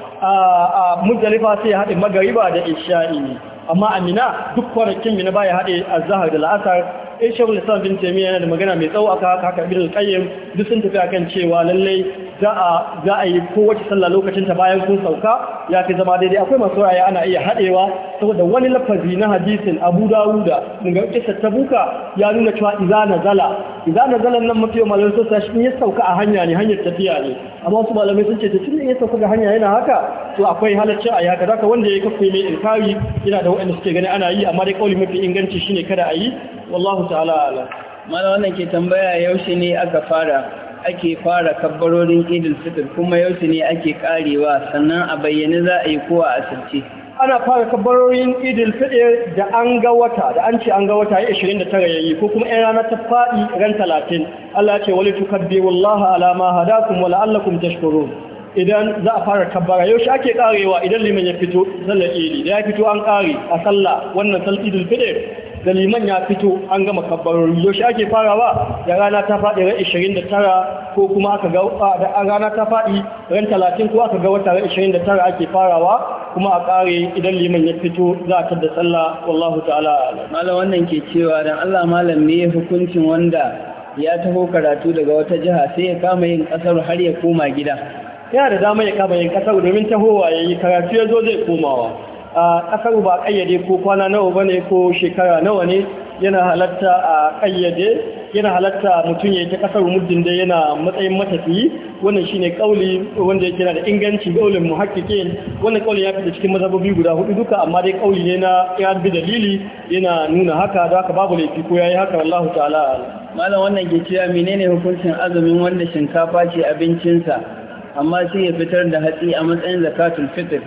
a muzdalifa sai ya hada magariba da isha'i amma amina duk kwanakin mina baya hade azhar da la'asar sai shekul islam bin taimiyya yana da magana mai tsawo aka haka haka da kayan duk sun tafi akan cewa lallai za a yi kowace sallah lokacin ta bayan sun sauka ya fi zama daidai akwai masu raya ana iya haɗewa saboda wani lafazi na hadisin abu dawuda daga kisar ta buka ya nuna cewa iza na zala iza na zala nan mafi yawan malamai sun sashi ya sauka a hanya ne hanyar tafiya ne amma wasu malamai sun ce ta tun ya sauka ga hanya yana haka to akwai halarci a yaka zaka wanda ya yi kafa mai inkari yana da waɗanda suke gani ana yi amma dai kauli mafi inganci shine kada a yi wallahu ta'ala ala mana wannan ke tambaya yaushe ne aka fara ake fara kabbarorin idil fitr kuma yaushe ne ake karewa sannan a bayyane za a yi kowa a asirce ana fara kabbarorin idil fitr da an ga wata da an ce an ga wata ya 29 yayi ko kuma 'yan ta faɗi ran 30 Allah ce wali tukabbiru Allah ala ma hadakum wa la'allakum tashkurun idan za a fara kabbara yaushe ake karewa idan liman ya fito sallar idi da ya fito an kare a sallah wannan sallar idil fitr da liman ya fito an gama kabbarori yaushe ake farawa da rana ta faɗi ran 29 ko kuma aka ga da rana ta faɗi ran 30 ko aka ga wata ran 29 ake farawa kuma a ƙare idan liman ya fito za a tada sallah wallahu ta'ala malam wannan ke cewa dan Allah malam me hukuncin wanda ya taho karatu daga wata jiha sai ya kama yin kasar har ya koma gida yana da dama ya kama yin kasar domin tahowa yayi karatu ya zo zai komawa a ƙasar ba ƙayyade ko kwana nawa ba ne ko shekara nawa ne yana halatta a ƙayyade yana halatta mutum ya ta ƙasar muddin da yana matsayin matafiyi wannan shine ƙauli wanda yake da inganci ƙaulin muhakkikin wannan ƙaulin ya fita cikin mazhabobi guda hudu duka amma dai kauli ne na ya bi dalili yana nuna haka da haka babu laifi ko ya yi haka Allah ta'ala malam wannan ke cewa menene hukuncin azumin wanda shinkafa ce abincinsa amma sai ya fitar da hatsi a matsayin zakatul fitr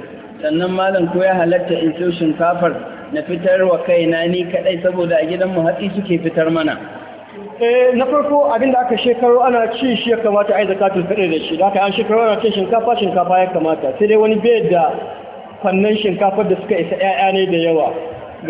sannan malam ko ya halatta in so shinkafar na fitar wa kaina ni kadai saboda a gidanmu hatsi suke fitar mana Eh na farko abinda aka shekaru ana ci shi ya kamata a yi zakatun fere da shi da aka an shekaru ana cin shinkafa shinkafa ya kamata sai dai wani bai da fannin shinkafar da suka isa 'ya'ya ne da yawa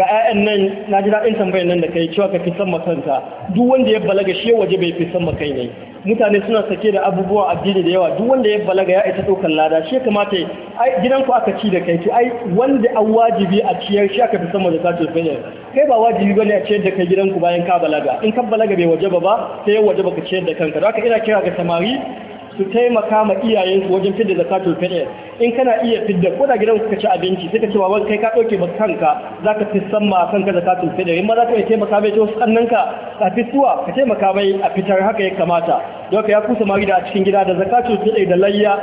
ga 'ya'yan nan na ji daɗin tambayar nan da kai cewa ka fi san makanta duk wanda ya balaga shi waje bai fi san makai ne mutane suna sake da abubuwa addini da yawa duk wanda ya balaga ya isa ɗaukar lada shi kamata ai ku aka ci da kai to ai wanda an wajibi a ciyar shi aka fi sama da sace fanya kai ba wajibi bane a ciyar da kai gidanku bayan ka balaga in ka balaga bai wajaba ba sai ya wajaba ka ciyar da kanka haka ina kira ga samari su taimaka ma iyayensu wajen fidda zakatul fitr in kana iya fidda ko da gidan ka ci abinci sai ka ce wawan kai ka dauke ba kanka zaka fi san ma kanka zakatul fitr in ma zaka iya taimaka mai to sannan ka a fituwa ka taimaka mai a fitar haka ya kamata don ka ya kusa mari da a cikin gida da zakatul fitr da layya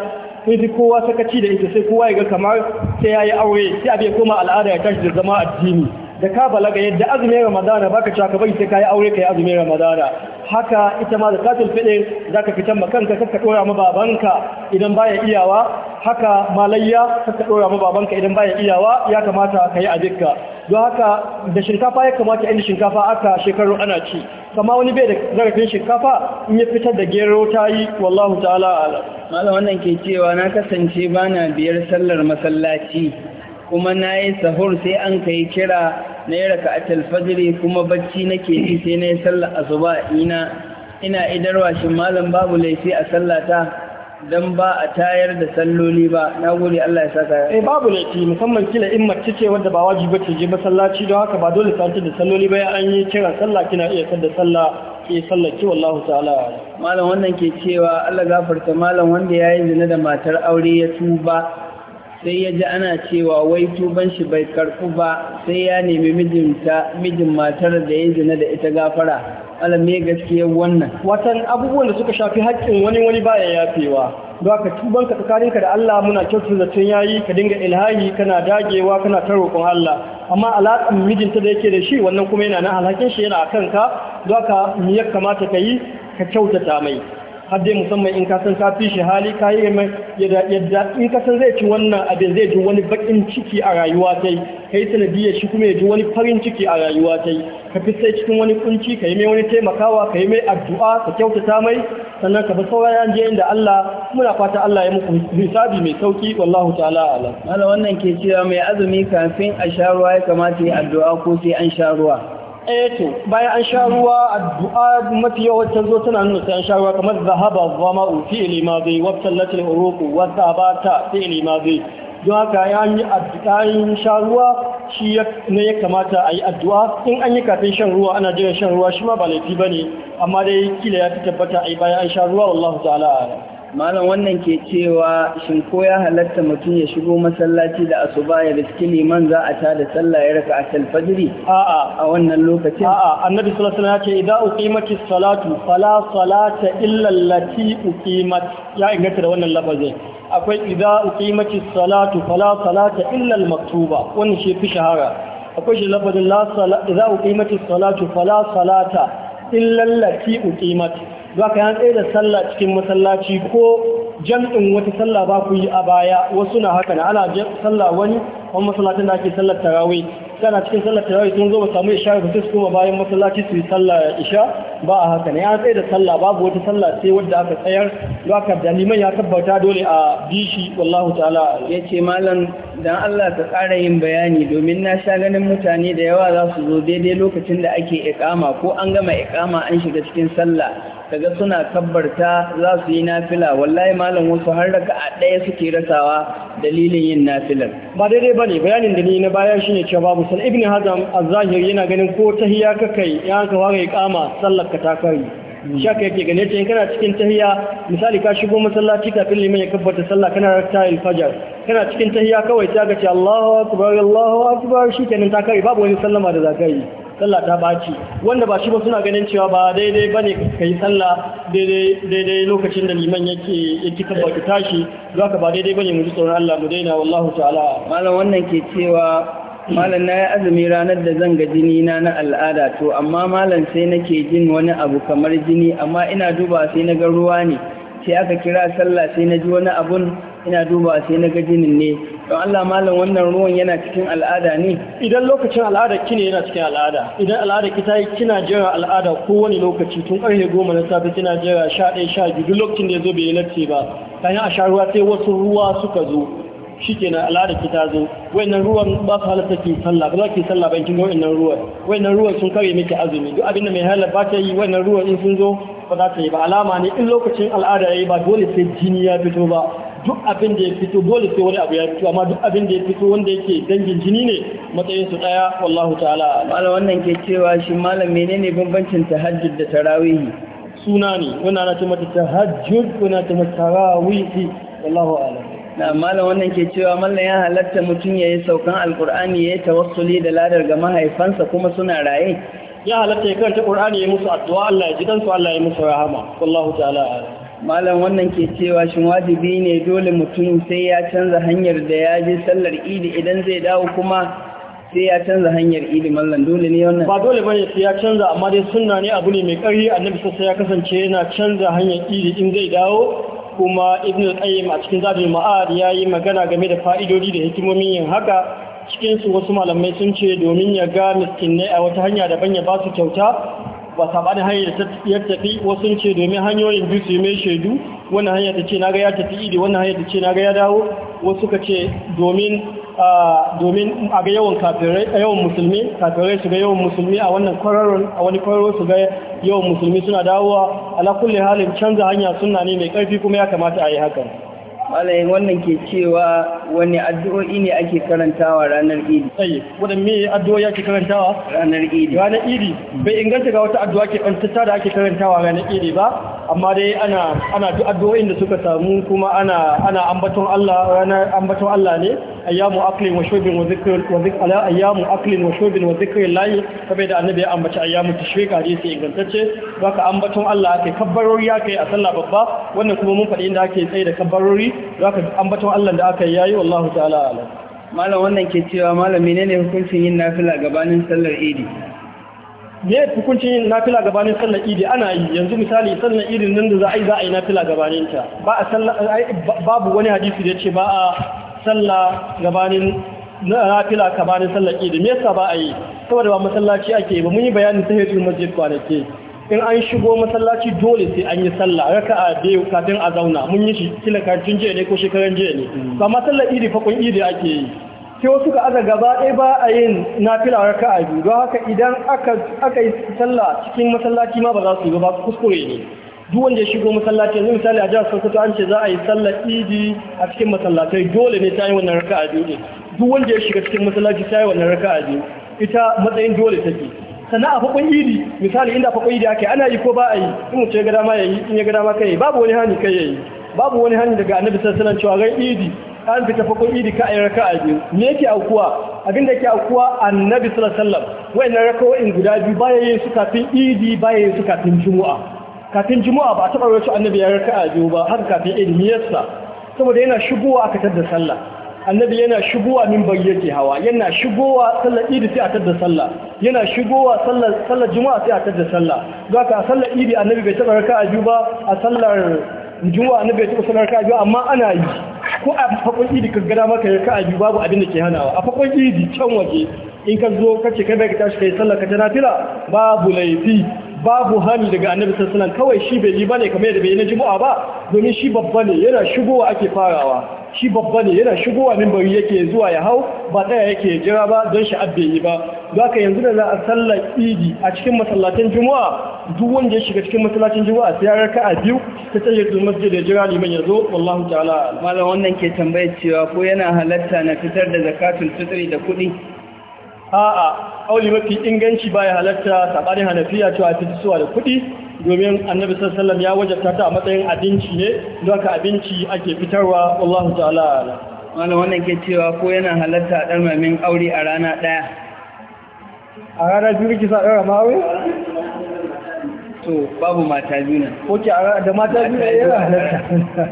sai fi kowa sakaci da ita sai kowa ya ga kamar sai ya yi aure sai abin koma al'ada ya tashi da zama addini da ka balaga yadda azumin ramadana baka cewa ka bari sai kai aure kai azumin ramadana haka ita ma zakatul fitr zaka fitan ma kanka kaka dora ma babanka idan baya iyawa haka malayya kaka dora ma babanka idan baya iyawa ya kamata kai azikka don haka da shinkafa ya kamata in shinkafa aka shekaru ana ci kama wani bai da zarafin shinkafa in ya fitar da gero ta yi wallahu ta'ala ala malam wannan ke cewa na kasance bana biyar sallar masallaci kuma na yi sahur sai an ka yi kira na yi raka a kuma bacci nake yi sai na yi sallar asuba ina ina idarwa shi malam babu laifi a sallata don ba a tayar da salloli ba na gode Allah ya saka eh babu laifi musamman kila in mace ce wadda ba wajibi ce je masallaci don haka ba dole ta da salloli ba an yi kira sallah kina iya sadda sallah ke sallaki wallahu ta'ala malam wannan ke cewa Allah gafarta malam wanda yayi zina da matar aure ya tuba sai ya ji ana cewa wai tuban shi bai karfu ba sai ya nemi mijinta mijin matar da ya zina da ita gafara alam mai gaskiyar wannan watan abubuwan da suka shafi haƙƙin wani wani baya yafewa don ka tuban ka tsakaninka da Allah muna kyautar tun yayi ka dinga ilhahi kana dagewa kana ta roƙon Allah amma alaƙin mijinta da yake da shi wannan kuma yana nan alhakin shi yana a kanka don ka me ya kamata ka yi ka kyautata mai hadde musamman in ka san safi shi hali ka yi mai yadda in ka san zai ci wannan abin zai ji wani bakin ciki a rayuwa kai kai ka yi shi kuma ya ji wani farin ciki a rayuwa kai ka fi sai cikin wani kunci ka yi mai wani taimakawa ka yi mai addu'a ka kyautata mai sannan ka fi sauraron je inda Allah muna fata Allah ya muku hisabi mai sauki wallahu ta'ala ala wannan ke cewa mai azumi kafin a sha ruwa ya kamata ya addu'a ko sai an sha ruwa eh bayan an sha ruwa addu'a mafi yawancin zo tana nuna sai an sha ruwa kamar zahaba zama fi zai, wa sallatul uruqu wa sabata fi limadhi don haka ya yi an sha ruwa shi ne ya kamata a yi addu'a in an yi kafin shan ruwa ana jira shan ruwa shi ma ba laifi ba ne amma dai kila ya fi tabbata a yi bayan an sha ruwa wallahu ta'ala malam wannan ke cewa shin ko ya halatta mutum ya shigo masallaci da asuba ya riski liman za a ta da sallah ya raka asal fajri a'a a wannan lokacin a'a annabi sallallahu alaihi wasallam ya ce idza uqimatis salatu fala salata illa allati uqimat ya inganta da wannan lafazin akwai idza uqimatis salatu fala salata illa al wannan shi fi shahara akwai shi lafazin la salata idza uqimatis salatu fala salata illa allati uqimat za ka yan da sallah cikin masallaci ko jam'in wata sallah ba ku yi a baya wasu na haka na ana sallah wani wani masallacin da ake sallar tarawih kana cikin sallar tarawih sun zo ba samu isha ba su kuma bayan masallaci su yi sallar isha ba a haka ne ya tsaye da sallah babu wata sallah sai wadda aka tsayar ba ka da liman ya tabbata dole a bishi wallahu ta'ala ya ce malam dan Allah ka ƙara yin bayani domin na sha ganin mutane da yawa za su zo daidai lokacin da ake iƙama ko an gama iƙama an shiga cikin sallah kaga suna kabbarta za su yi nafila wallahi malam wasu har daga a ɗaya suke rasawa dalilin yin nafilar ba daidai ba ne bayanin da ni na baya shine cewa babu sal ibn hazam az-zahiri yana ganin ko tahiyya ka kai ya ka fara iqama sallar ka ta kai shaka yake gane ta kana cikin tahiyya misali ka shigo masallaci kafin liman ya kabbata sallah kana rakta fajr kana cikin tahiyya kawai ta ga ce Allahu akbar Allahu akbar shikenan ta kai babu wani sallama da zakai sallah ta baci wanda ba shi ba suna ganin cewa ba daidai bane ka yi sallah daidai lokacin da liman yake yake kan baki tashi za ka ba daidai bane mu ji tsoron Allah mu daina wallahu ta'ala malam wannan ke cewa malam na yi azumi ranar da zan ga jini na na al'ada to amma malam sai nake jin wani abu kamar jini amma ina duba sai na ga ruwa ne sai aka kira sallah sai na ji wani abun ina duba sai na ga jinin ne don Allah malam wannan ruwan yana cikin al'ada ne idan lokacin al'ada kine yana cikin al'ada idan al'ada ki ta yi kina jira al'ada kowane lokaci tun karfe goma na safe kina jira sha ɗaya sha biyu duk lokacin da ya zo bai yi latti ba kayan a sha ruwa sai wasu ruwa suka zo shi kenan al'ada ki ta zo wayannan ruwan ba su halatta ki sallah ba za ki sallah ba kin ga wannan ruwan wayannan ruwan sun kare miki azumi duk abinda mai halar ba ta yi wannan ruwan in sun zo ba za ta yi ba alama ne in lokacin al'ada ya yi ba dole sai jini ya fito ba duk abin da ya fito dole sai wani abu ya fito amma duk abin da ya fito wanda yake dangin jini ne matsayin su daya wallahu ta'ala mala wannan ke cewa shi malam menene bambancin tahajjud da tarawihi suna ne wannan ana ce mata tahajjud kuna ta tarawih wallahu ala na malam wannan ke cewa mallan ya halatta mutum yayi saukan alqur'ani yayi tawassuli da ladar ga mahaifansa kuma suna raye ya halatta ya karanta qur'ani ya musu addu'a Allah ya ji dan su Allah ya musu rahama wallahu ta'ala malam wannan ke cewa shi wajibi ne dole mutum sai ya canza hanyar da ya je sallar idi idan zai dawo kuma sai ya canza hanyar idi mallan dole ne wannan ba dole bane sai ya canza amma dai sunna ne abu ne mai ƙarfi annabi sai ya kasance yana canza hanyar idi in zai dawo kuma ibn qayyim a cikin zabi ma'ad yi magana game da fa'idodi da hikimomin yin haka cikin su wasu malamai sun ce domin ya ga miskinai a wata hanya daban ya ba su kyauta ba saɓani hanyar ya tafi wasu ce domin hanyoyin biyu su mai shaidu wannan hanyar ta ce na ga ya tafi idi wannan hanyar ta ce na ga ya dawo wasu ka ce domin a ga yawan yawan musulmi kafirai su ga yawan musulmi a wannan kwararon a wani kwararo su ga yawan musulmi suna dawowa ala kulle halin canza hanya suna ne mai karfi kuma ya kamata a yi hakan malayin wannan ke cewa wani addu'o'i ne ake karantawa ranar idi sai wannan me addu'o'i ake karantawa ranar idi ranar idi bai inganta ga wata addu'a ke kantata da ake karantawa ranar idi ba amma dai ana ana addu'o'in da suka samu kuma ana ana ambaton Allah ranar ambaton Allah ne ayyamu aklin wa shubin wa zikr wa zikr ala ayyamu aklin wa shubin wa zikr lahi kabe da annabi ya ambaci ayyamu tashrik hadisi ingantacce zaka ambaton Allah ake kabbarori ake a sallah babba wannan kuma mun faɗi inda ake tsaye da kabbarori zaka ambaton Allah da aka yayi wallahu ta'ala alam malam wannan ke cewa malam menene hukuncin yin nafila gabanin sallar idi ne hukuncin yin nafila gabanin sallar idi ana yi yanzu misali sallar idi nan da za a yi za a yi nafila gabaninta ba a babu wani hadisi da ya ce ba a sallah gabanin nafila gabanin sallar idi me yasa ba a yi saboda ba masallaci ake ba mun yi bayanin tahiyatul masjid kwanaki in an shigo masallaci dole sai an yi sallah raka'a biyu kafin a zauna mun yi shi kila kancin jiya ne ko shekaran jiya ne hmm. ba ma sallar idi fa kun idi ake yi sai wasu ka aza gaba ɗaya ba a yin nafila raka'a biyu don haka idan aka yi sallah cikin masallaci ma ba za su yi ba su kuskure ne duk wanda ya shigo masallaci yanzu misali a jihar Sokoto an ce za a yi sallar Idi a cikin masallatai dole ne ta yi wannan raka'a biyu ne duk wanda ya shiga cikin masallaci ta yi wannan raka'a biyu ita matsayin dole take sannan a fakon idi misali inda fakon idi ake ana yi ko ba a yi in mutum ya ga dama ya yi in ya ga dama kai babu wani hani kai ya yi babu wani hani daga annabi sallallahu alaihi wasallam cewa ga idi an fita fakon idi ka ayi raka'a biyu me yake aukuwa abin da yake aukuwa annabi sallallahu alaihi wasallam wayannan raka'o'in guda biyu baya yin su kafin idi baya yin su kafin juma'a kafin juma'a ba a taɓa wasu annabi ya a biyu ba har kafin ilmiyarsa saboda yana shigowa aka da sallah annabi yana shigowa min yake hawa yana shigowa sallar idi sai a da sallah yana shigowa sallar sallar juma'a sai a da sallah don ka a sallar idi annabi bai taɓa a biyu ba a sallar juma'a annabi bai taɓa sallar raka'a biyu amma ana yi ko a fakon idi ka gada maka raka'a biyu babu abin da ke hanawa a fakon idi can waje in ka zo ka ce kada ka tashi kai sallar ka tana babu laifi babu hani daga annabi sallallahu alaihi kawai shi bai yi bane kamar yadda bai yi na jumu'a ba domin shi babba ne yana shigowa ake farawa shi babba ne yana shigowa bari yake zuwa ya hau ba tsaya yake jira ba don shi abbe yi ba za ka yanzu da za a sallar idi a cikin masallacin juma'a duk wanda ya shiga cikin masallacin juma'a sai ya raka a biyu ta tsaye da masjid da jira liman ya zo wallahu ta'ala malam wannan ke tambayar cewa ko yana halatta na fitar da zakatul fitri da kuɗi a'a auli mafi inganci baya halatta sabarin hanafiya cewa fi suwa da kuɗi domin annabi sallallahu ya wajabta ta a matsayin abinci ne don haka abinci ake fitarwa Allahu ta'ala wannan wannan ke cewa ko yana halatta dan mamin aure a rana daya a rana biyu kisa ɗaura ma to babu mata juna. nan ko ki da mata juna yana halarta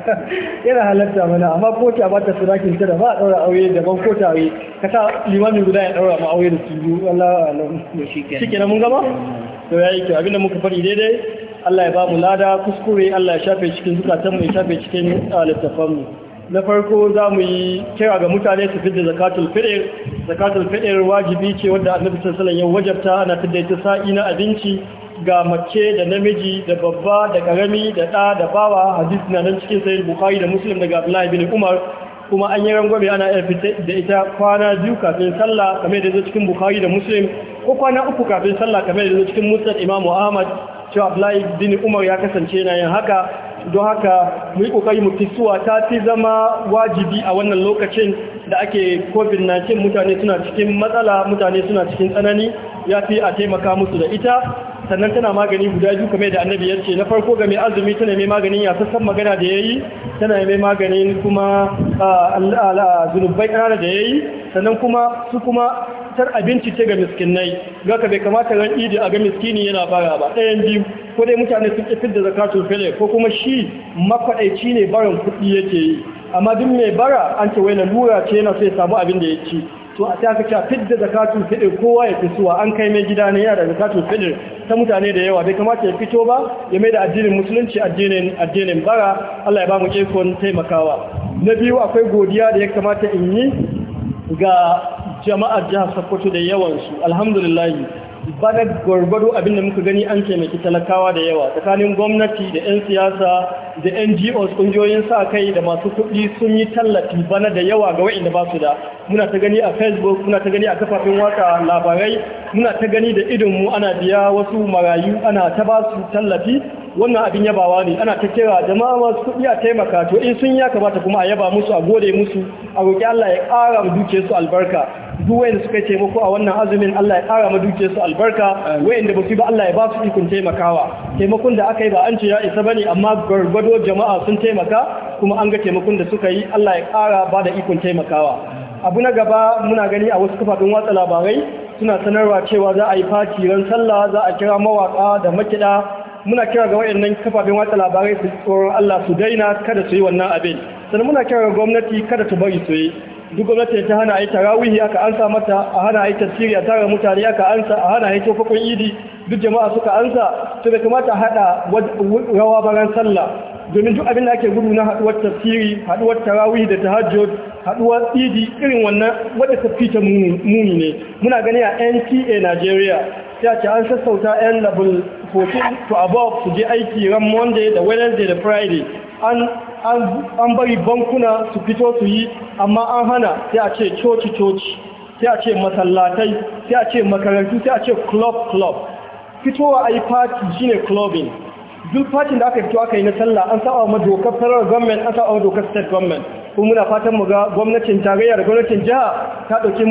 yana halarta mana amma ko ki ba ta surakin ta da ba a daura aure da ban ko ta aure ka sa limamin guda ya daura mu aure da su biyu Allah alam shikenan mun gama to yayi to abinda muka fari daidai Allah ya bamu lada kuskure Allah ya shafe cikin zukatan mu ya shafe cikin littafan mu na farko za mu yi kira ga mutane su fidda zakatul fitr zakatul fitr wajibi ce wanda annabi sallallahu alaihi wasallam ya wajabta ana fidda ta sa'i na abinci ga mace da namiji da babba da karami da ɗa da bawa hadis na nan cikin sayin bukari da muslim daga abdullahi bin umar kuma an yi rangwame ana iya fita da ita kwana biyu kafin sallah kamar da zai cikin bukari da muslim ko kwana uku kafin sallah kamar da zai cikin musnad imamu ahmad cewa abdullahi bin umar ya kasance na yin haka don haka mu yi kokari mu kisuwa ta fi zama wajibi a wannan lokacin da ake covid-19 mutane suna cikin matsala mutane suna cikin tsanani ya fi a taimaka musu da ita sannan tana magani guda biyu kamar da annabi ya ce na farko ga mai azumi tana mai maganin ya sassan magana da ya yi tana mai maganin kuma zunubai ƙanana da ya yi sannan kuma su kuma tar abinci ce ga miskinai ga ka bai kamata ran idi a ga miskini yana fara ba ɗayan biyu ko dai mutane sun ƙi fidda zakatun fele ko kuma shi makwaɗaici ne barin kuɗi yake yi amma duk mai bara an ce wai lura ce yana sai samu abin da ya ci to a ta kace fidda zakatun fidir kowa ya fisuwa an kai mai gida ne yana da zakatun fidir ta mutane da yawa bai kamata ya fito ba ya mai da addinin musulunci addinin addinin bara Allah ya ba mu ikon taimakawa na biyu akwai godiya da ya kamata in yi ga jama'ar jihar Sokoto da yawansu alhamdulillah bana gwargwado abin da muka gani an taimaki talakawa da yawa tsakanin gwamnati da 'yan siyasa da ngos ƙungiyoyin sa kai da masu kuɗi sun yi tallafi bana da yawa ga wa'inda ba su da muna ta gani a facebook muna ta gani a kafafen watsa labarai muna ta gani da idonmu ana biya wasu marayu ana ta ba su tallafi wannan abin yabawa ne ana ta kira jama'a masu kuɗi a taimaka to in sun ya kamata kuma a yaba musu a gode musu a roƙi Allah ya ƙara mu duke su albarka duk wayanda suka taimako a wannan azumin Allah ya ƙara mu duke su albarka wayanda ba su ba Allah ya ba su ikon taimakawa taimakon da aka yi ba an ce ya isa bane amma gargado jama'a sun taimaka kuma an ga taimakon da suka yi Allah ya ƙara ba da ikon taimakawa abu na gaba muna gani a wasu kafafen watsa labarai suna sanarwa cewa za a yi fati ran sallah za a kira mawaka da makida muna kira ga wayannan kafafen watsa labarai su tsoron Allah su daina kada su yi wannan abin sannan muna kira ga gwamnati kada ta bari su yi duk gwamnati ta hana a yi tarawihi aka ansa mata a hana a yi tasiri a tara mutane aka ansa a hana a yi tofakon idi duk jama'a suka ansa to bai kamata a haɗa rawa baran sallah domin duk abin da ake gudu na haɗuwar tasiri haɗuwar tarawihi da tahajjud haɗuwar idi irin wannan wadda ta fita muni ne muna gani a nta nigeria ya ce an sassauta yan level 14 to above su je aiki ran monday da wednesday da friday an bari bankuna su fito su yi amma an hana sai a ce coci-coci sai a ce masallatai sai a ce makarantu sai a ce club-club fitowa a yi party shine clubbing duk fatin da aka fito aka yi na sallah an saba ma dokar federal government an saba dokar state government kuma muna fatan mu ga gwamnatin tarayya da gwamnatin jiha ta dauki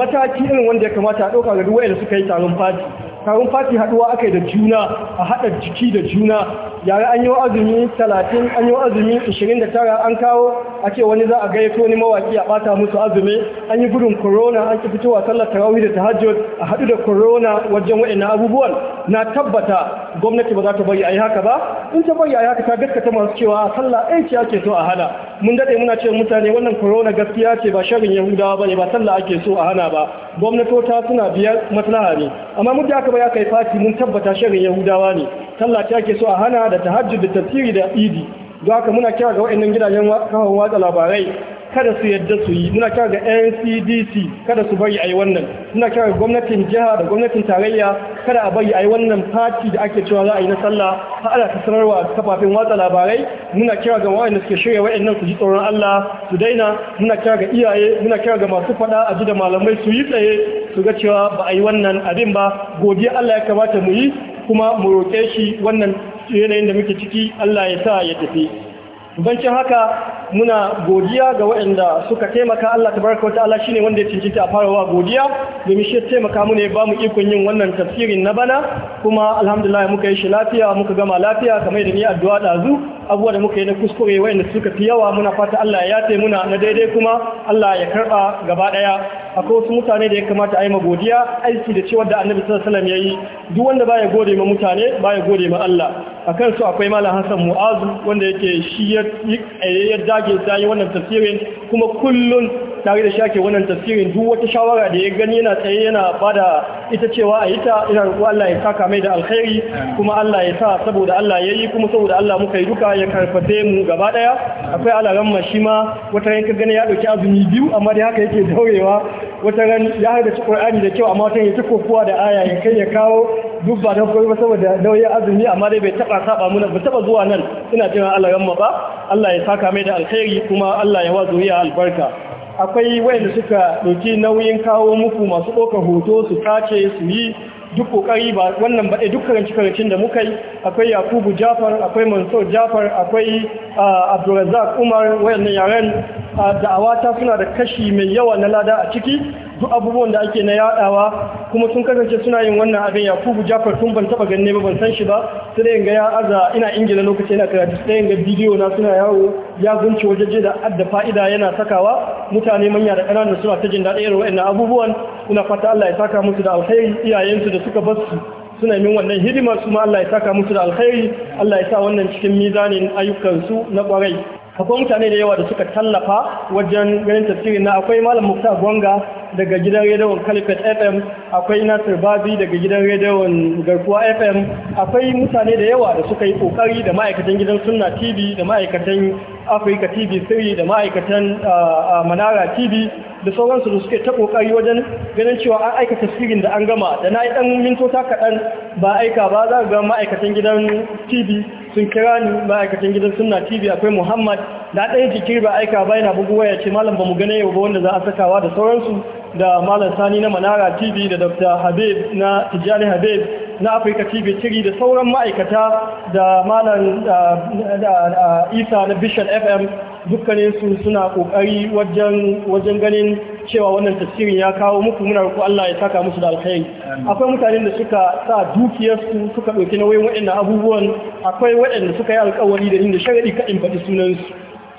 mataki irin wanda ya kamata a dauka ga duk wanda suka yi taron fati taron fati haɗuwa aka yi da juna a haɗa jiki da juna yare an yi azumi 30 an yi azumi 29 an kawo a ce wani za a gayyato ni mawaki a bata musu azumi an yi gudun corona an ki fitowa sallar tarawih da tahajjud a haɗu da corona wajen wa'annan abubuwan na tabbata gwamnati ba za ta bari a haka ba in ta bari a haka ta gaskata masu cewa sallah ɗaya ce ake so a hana mun daɗe muna cewa mutane wannan corona gaskiya ce ba sharrin yahudawa ba ne ba sallah ake so a hana ba gwamnatota suna biyar maslaha ne amma mun da aka bari aka yi fati mun tabbata sharrin yahudawa ne sallah ce ake so a hana da tahajjud da tafsiri da idi don haka muna kira ga waɗannan gidajen kawon watsa labarai kada su yadda su yi muna kira ga ncdc kada su bari a yi wannan muna kira ga gwamnatin jiha da gwamnatin tarayya kada a bari a yi wannan fati da ake cewa za a yi na sallah ta ala ta sanarwa kafafen watsa labarai muna kira ga waɗanda suke shirya waɗannan su ji tsoron allah su daina muna kira ga iyaye muna kira ga masu faɗa a ji da malamai su yi tsaye su ga cewa ba a yi wannan abin ba godiya allah ya kamata mu yi kuma mu roƙe shi wannan yanayin da muke ciki Allah ya sa ya tafi bancin haka muna godiya ga waɗanda suka taimaka Allah ta wata shi shine wanda ya cincinta a farawa godiya domin shi taimaka mu ne ba mu ikon yin wannan tafsirin na bana kuma alhamdulillah muka yi shi lafiya muka gama lafiya kamar yadda ni addu'a ɗazu abuwa da muka yi na kuskure waɗanda suka fi yawa muna fata Allah ya yace muna na daidai kuma Allah ya karɓa gaba ɗaya akwai wasu mutane da ya kamata a yi magodiya aiki da cewar da annabi sallallahu alaihi wasallam yayi duk wanda baya gode ma mutane baya gode ma Allah akan su akwai malam Hassan Mu'azu wanda yake shi ya dage da yi wannan tafsirin kuma kullun tare da shake wannan tafsirin duk wata shawara da ya gani yana tsaye yana bada ita cewa a yi ta ina roƙo Allah ya saka mai da alkhairi kuma Allah ya sa saboda Allah ya yi kuma saboda Allah muka yi duka ya karfafe mu gaba daya akwai alaran ma shi ma wata ran ka gani ya dauki azumi biyu amma dai haka yake daurewa wata ran ya haɗa ci Qur'ani da kyau amma wata ya ci kokowa da aya ya kai ya kawo duk ba don koyi ba saboda nauyin azumi amma dai bai taba saba muna ba taba zuwa nan ina jiran alaran ma ba Allah ya saka mai da alkhairi kuma Allah ya wa zuriya albarka akwai wayanda suka ɗauki nauyin kawo muku masu ɗaukar hoto su tace su yi duk ƙoƙari ba wannan ba eh, duk karanci karancin da muka yi akwai yakubu jafar akwai mansur jafar akwai ah, abdulrazak umar wayannan yaren da'awata suna da kashi mai yawa na lada a ciki duk abubuwan da ake na yadawa kuma sun kasance suna yin wannan abin ya kubu jafar tun ban taba ganin ba ban san shi ba sai dai ga ya aza ina ingila lokaci yana karatu sai ga bidiyo na suna yawo ya gunce wajeje da adda fa'ida yana sakawa mutane manya da ƙananan suna ta jin daɗi irin wa'annan abubuwan ina fata Allah ya saka musu da alkhairi iyayensu da suka basu su suna min wannan hidima su ma Allah ya saka musu da alkhairi Allah ya sa wannan cikin mizanin ayyukansu na kwarai. akwai mutane da yawa da suka tallafa wajen ganin tafsirin na akwai malam mukta gonga daga gidan rediyon kalifat fm akwai nasir babi daga gidan rediyon garkuwa fm akwai mutane da yawa da suka yi kokari da ma'aikatan gidan sunna tv da ma'aikatan afirka tv 3 da ma'aikatan manara tv da sauransu da suke ta kokari wajen ganin cewa an aika tafsirin da an gama da na yi dan mintota kaɗan ba aika ba za ga ma'aikatan gidan tv sun kira ni ma'aikatan gidan suna tv akwai muhammad da ɗaya jikir ba aika ba yana buguwa ya ce malam ba mu gane yau ba wanda za a sakawa da sauransu da malam sani na manara tv da dr habib na tijjani habib na afirka TV ciri da sauran ma'aikata da malam isa na Bishan fm dukkaninsu suna kokari wajen ganin cewa wannan tasirin ya kawo muku muna roƙo Allah ya saka musu da alkhairi akwai mutanen da suka sa dukiyarsu suka ɗauki nauyin waɗannan abubuwan akwai waɗanda suka yi alƙawari da inda shari'i kaɗin faɗi sunansu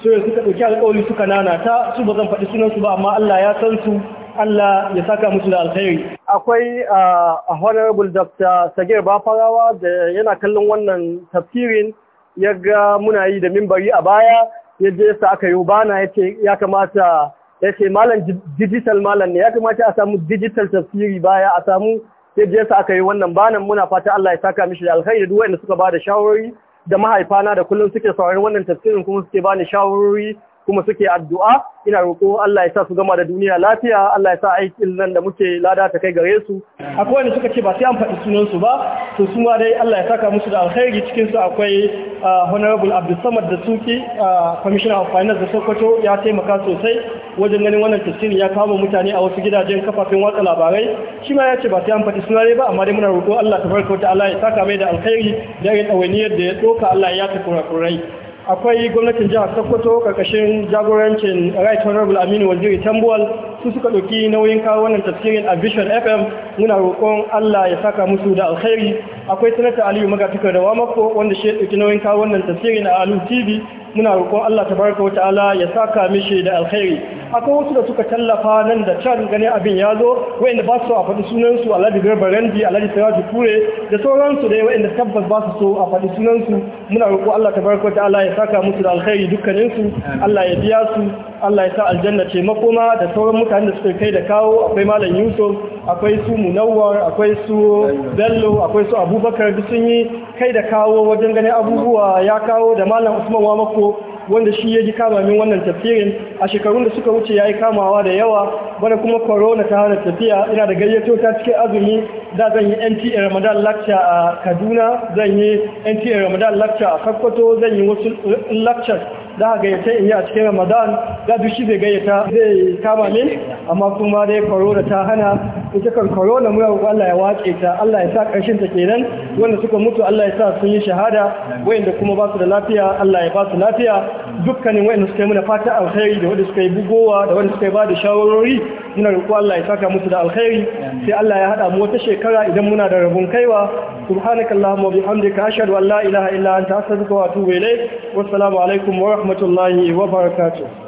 so suka ɗauki alƙawari suka nanata su ba zan faɗi sunansu ba amma Allah ya san su Allah ya saka musu da alkhairi akwai a honorable Dr. Sagir Bafarawa da yana kallon wannan tafsirin ya ga muna yi da mimbari a baya ya je sa aka yi bana ya ce ya kamata ya ce malam digital malam ne ya kamata a samu digital tafsiri baya a samu ya je sa aka yi wannan banan muna fata Allah ya saka mishi da alkhairi duk da suka ba da shawarwari da mahaifana da kullum suke saurari wannan tafsirin kuma suke bani shawarwari kuma suke addu'a ina roƙo Allah ya sa su gama da duniya lafiya Allah ya sa aikin nan da muke lada ta kai gare su akwai wanda suka ce ba sai an faɗi sunan su ba to su ma dai Allah ya saka musu da alkhairi cikin su akwai honorable Samad da Suki commissioner of finance da Sokoto ya taimaka sosai wajen ganin wannan tafsiri ya kama mutane a wasu gidajen kafafen watsa labarai shi ma ya ce ba sai an faɗi sunan ba amma dai muna roƙo Allah tabaraka wa ta'ala ya saka mai da alkhairi da ya tsawainiyar da ya doka Allah ya ta kurakurai akwai gwamnatin jihar sokoto karkashin jagorancin right honorable aminu waziri tambuwal su suka ɗauki nauyin kawo wannan tafsirin a vision fm muna roƙon allah ya saka musu da alkhairi akwai sanata aliyu magatakar da wamako wanda shi ya ɗauki nauyin kawo wannan tafsirin a alu tv muna roƙon allah tabaraka wata'ala ya saka mishi da alkhairi akwai wasu da suka tallafa nan da can ganin abin ya zo wa'inda ba su so a faɗi sunansu alhaji garba randi alhaji siraju kure da sauransu dai wa'inda tabbas ba su so a faɗi sunansu muna roƙo allah ta baraka Allah ya saka musu da alkhairi dukkaninsu allah ya biya su allah ya sa aljanna ce makoma da sauran mutanen da suka kai da kawo akwai malam yusuf akwai su munawwar akwai su bello akwai su abubakar duk sun yi kai da kawo wajen ganin abubuwa ya kawo da malam usman wa mako. wanda shi ya ji min wannan tafsirin a shekarun da suka wuce ya yi kamawa da yawa bana kuma corona ta hana tafiya ina da gayyato ta cikin azumi da zan yi NTA Ramadan lecture a Kaduna zan yi NTA Ramadan lecture a Sokoto zan yi wasu lectures da a gayyata in yi a cikin ramadan da dushi zai gayyata zai kama ne amma kuma dai korona ta hana ita kan korona mu Allah ya wace ta Allah ya sa karshen ta kenan wanda suka mutu Allah ya sa sun yi shahada wayanda kuma ba su da lafiya Allah ya ba su lafiya dukkanin wayanda suka yi mana fata alheri da wanda suka yi bugowa da wanda suka yi ba da shawarori muna roƙo Allah ya saka musu da alkhairi sai Allah ya haɗa mu wata shekara idan muna da rabon kaiwa subhanakallahumma wa bihamdika ashhadu an la ilaha illa anta astaghfiruka wa atubu ilayk wassalamu alaikum wa rahmatullahi wa barakatuh